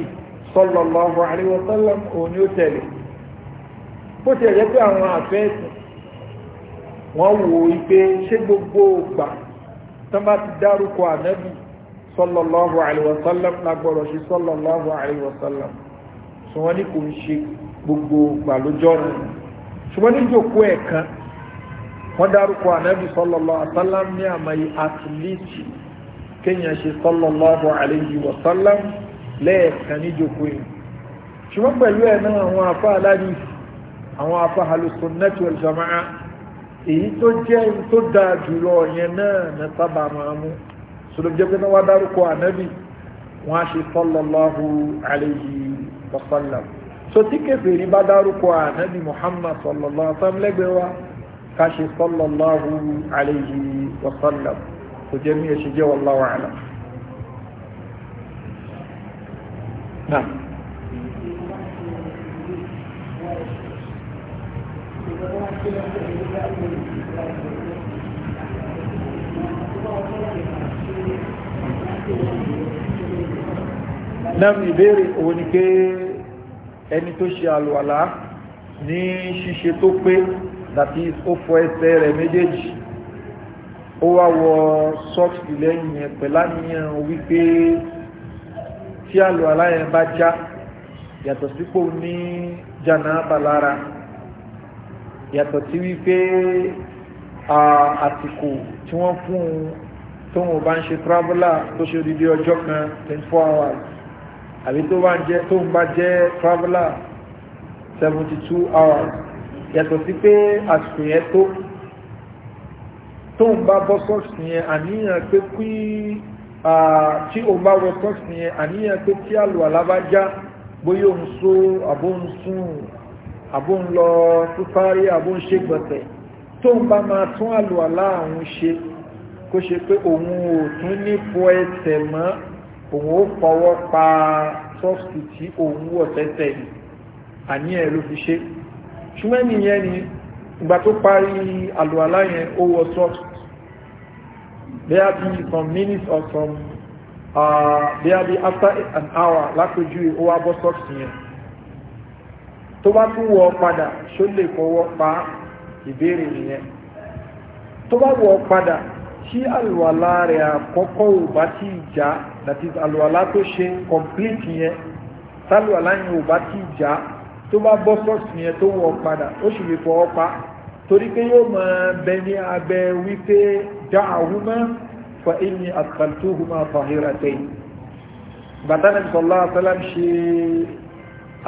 Speaker 2: sallallahu alaihi wa sallam òun ni ó tẹ̀lé bó ti ẹ̀jẹ̀ pé àwọn àfẹ́ẹ̀sìn wọ́n wò ó pé ṣé gbogbo ògbà tó bá ti dárúkọ ànábì sallallahu alaihi lágbọ́rọ̀ sí sallallahu alaihi sọ wọ́n ní kò ń ṣe gbogbo gbàlójọ́rùn ṣùgbọ́n ní jòkó ẹ̀ kan wọ́n dárúkọ ànábì sallallahu alaihi wasallam ní àmàyí àtìlíìtì kéèyàn ṣe sallallahu alaihi wasallam lẹ́ẹ̀kan ní jòkó ẹ̀ ṣùgbọ́n pẹ̀lú ẹ̀ náà àwọn afá aládìí àwọn afá al-sunnati jama'a èyí tó jẹ́ tó dáa jùlọ yẹn náà ní sábà máa mú sọlọ́jọ́ pé wọ́n dárúkọ ànábì wọ́n á ṣe sallallahu alaihi wasallam so tí kèfèrí bá dárúkọ ànábì muhammad sallallahu alaihi wasallam lẹ́gbẹ̀ẹ́ wa ká ṣe sallallahu alaihi wasallam kò jẹ́ mí ẹ̀ ṣe jẹ́ wallahu
Speaker 1: a'lam. náà
Speaker 2: ìbéèrè òun ni pé ẹni tó ṣe àlùwàlá ní ṣíṣe tó pé dàbí ó fọ ẹsẹ̀ rẹ̀ méjèèjì ó wá wọ sọ́ọ̀sì lẹ́yìn yẹn pẹ̀láníyàn wípé tí àlùwàlá yẹn bá já yàtọ̀ sípò ní jànáàbà lára yàtọ̀ sí wípé àtìkù tí wọ́n fún un tóun bá ń ṣe tó ṣe ọjọ́ kan 24 hours àbí tó ń bá jẹ́ traveler seventy two hours yàtọ̀ sí pé àsìkò yẹn tó tó ń bá bọ́ sọ́ọ̀sì yẹn àníyàn pé kí tí o bá wọ sọ́ọ̀sì yẹn àníyàn pé tí àlùwàlá bá já bóyá òun so àbóhun sùn àbóhun lọ fúfárí àbóhun ṣègbọ̀tẹ̀ tó ń bá máa tún àlùwàlá àwọn ṣe kó ṣe pé òun ò tún ní fọ ẹsẹ̀ mọ́ òun ó fọwọ́ pa sọ́ọ̀sì tí òun wọ̀ tẹ́tẹ́ yìí àní ẹ̀ ló fi ṣe ṣùgbọ́n nìyẹn ni ìgbà tó parí àlùwàlá yẹn ó wọ sọ́ọ̀sì there be some minutes or some uh, there be after an hour lápẹjú ó wá bọ́ sọ́ọ̀sì yẹn tó bá tún wọ padà ṣó lè fọwọ́ pa ìbéèrè nìyẹn tó bá wọ padà tí alùwàlá rẹ̀ àkọ́kọ́ ò bá ti jà that is alùwàlá tó ṣe complete yẹn tálùwàlá yẹn ò bá ti jà tó bá bọ́ sọ́ọ̀sì yẹn tó wọ̀ padà ó sì lè fọwọ́ pa torí pé yóò mọ bẹ ní abẹ wípé dá àwùmá fa ìní àtàlùtòhùmá fàhírà tẹ̀yìn bàtà nàbì sọlá sálám ṣe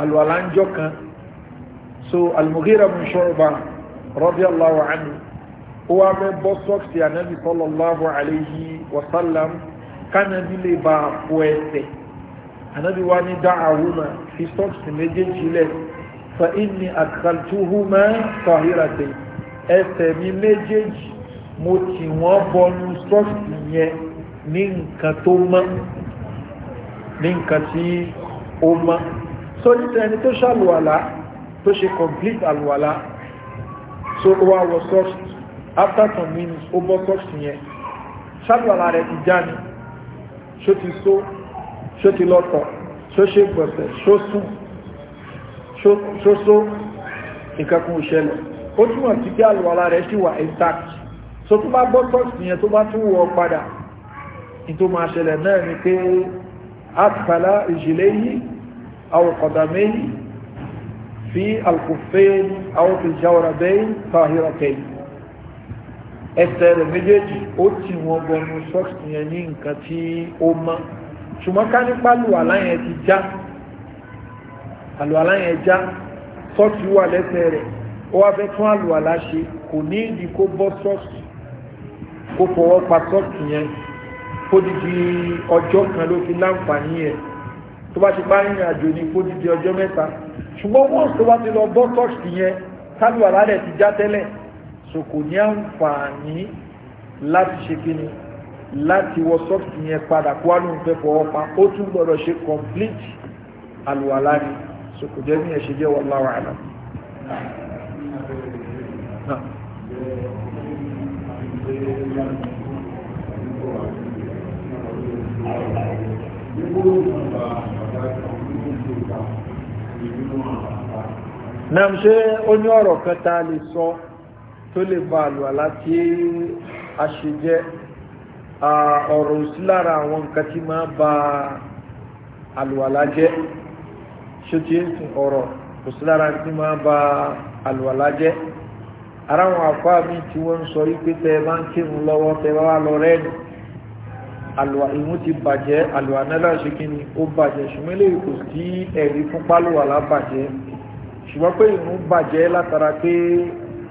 Speaker 2: alùwàlá ń jọ kan so almughira bin shu'ba radiyallahu anhu ó wá fẹ́ bọ́ sọ́ọ̀sì ànábì sallallahu alayhi wa sallam kánàbí lè bá a fọ ẹsẹ̀ ànábì wá ní da'ahuma fi sọ́ọ̀sì méjèèjì lẹ̀ fa inni adkhaltuhuma tahiratayn ẹsẹ̀ mi méjèèjì mo tì wọ́n bọnu sọ́ọ̀sì yẹn ní nǹkan tó mọ́ ní nǹkan tí ó mọ́ so nítorí ẹni tó ṣàlùwàlá tó ṣe complete àlùwàlá so ó wọ sọ́ọ̀sì after some minutes ó bọ́ sọ́ọ̀sì yẹn ṣàlùwàlà rẹ̀ ti ni ṣó ti só ṣó ti lọ́tọ̀ ṣó ṣe gbọ̀sẹ̀ ṣó sùn ṣó só nǹkan kan ò ṣẹlẹ̀ ó túmọ̀ sí pé àlùwàlà rẹ̀ ṣì wà intact so tó bá bọ́ sọ́ọ̀sì yẹn tó bá tún wọ padà ní tó máa ṣẹlẹ̀ náà ni pé àtàlà ìṣẹ̀lẹ̀ yìí àwọn méjì fi alkùfẹ́ àwọn fi jáwọ́ra bẹ́ẹ̀ tàhírọ̀kẹ́yìn ẹsẹ̀ rẹ̀ méjèèjì ó ti wọn bọnu sọ́ọ̀sì yẹn ní nǹkan tí ó mọ́ ṣùgbọ́n ká nípa lu àláyẹn ti já àlù àláyẹn já sọ́ọ̀sì wà lẹ́sẹ̀ rẹ̀ ó wá fẹ́ tún àlù àlá kò ní ìdí kó bọ́ sọ́ọ̀sì kó fọwọ́ pa sọ́ọ̀sì yẹn kó dìdí ọjọ́ kan ló fi láǹfààní yẹn tó bá ti bá rìnrìn àjò ní kó dìdí ọjọ́ mẹ́ta ṣùgbọ́n wọ́n tó bá ti lọ bọ́ sọ́ọ̀sì yẹn tálù àlá ti já tẹ́lẹ̀ so kò ní àǹfààní láti ṣe kíni láti wọ sọ́ọ̀tì yẹn padà kó àlùm fẹ́ fọwọ́ pa ó tún gbọ́dọ̀ ṣe complete àlùwàlá ni so kò jẹ́ bí ẹ ṣe jẹ́ wallahu a'lam. Nam ṣe ó ní ọ̀rọ̀ kan sọ. So, tó lè ba àlùwàlá tí a ṣe jẹ́ ọ̀rọ̀ òsí lára àwọn nǹkan tí máa ba àlùwàlá jẹ́ ṣe tí ń sùn ọ̀rọ̀ òsí lára tí máa ba àlùwàlá jẹ́ ara àwọn àfá mi tí wọ́n ń sọ wípé tẹ bá ń kírun lọ́wọ́ tẹ bá wà lọ rẹ́ẹ̀nì àlùwà ìmú ti bàjẹ́ àlùwà náírà ṣe kí ni ó bàjẹ́ ṣùgbọ́n lè kò sí ẹ̀rí fún pálùwàlá bàjẹ́ ṣùgbọ́n pé ìrún bàjẹ́ látara pé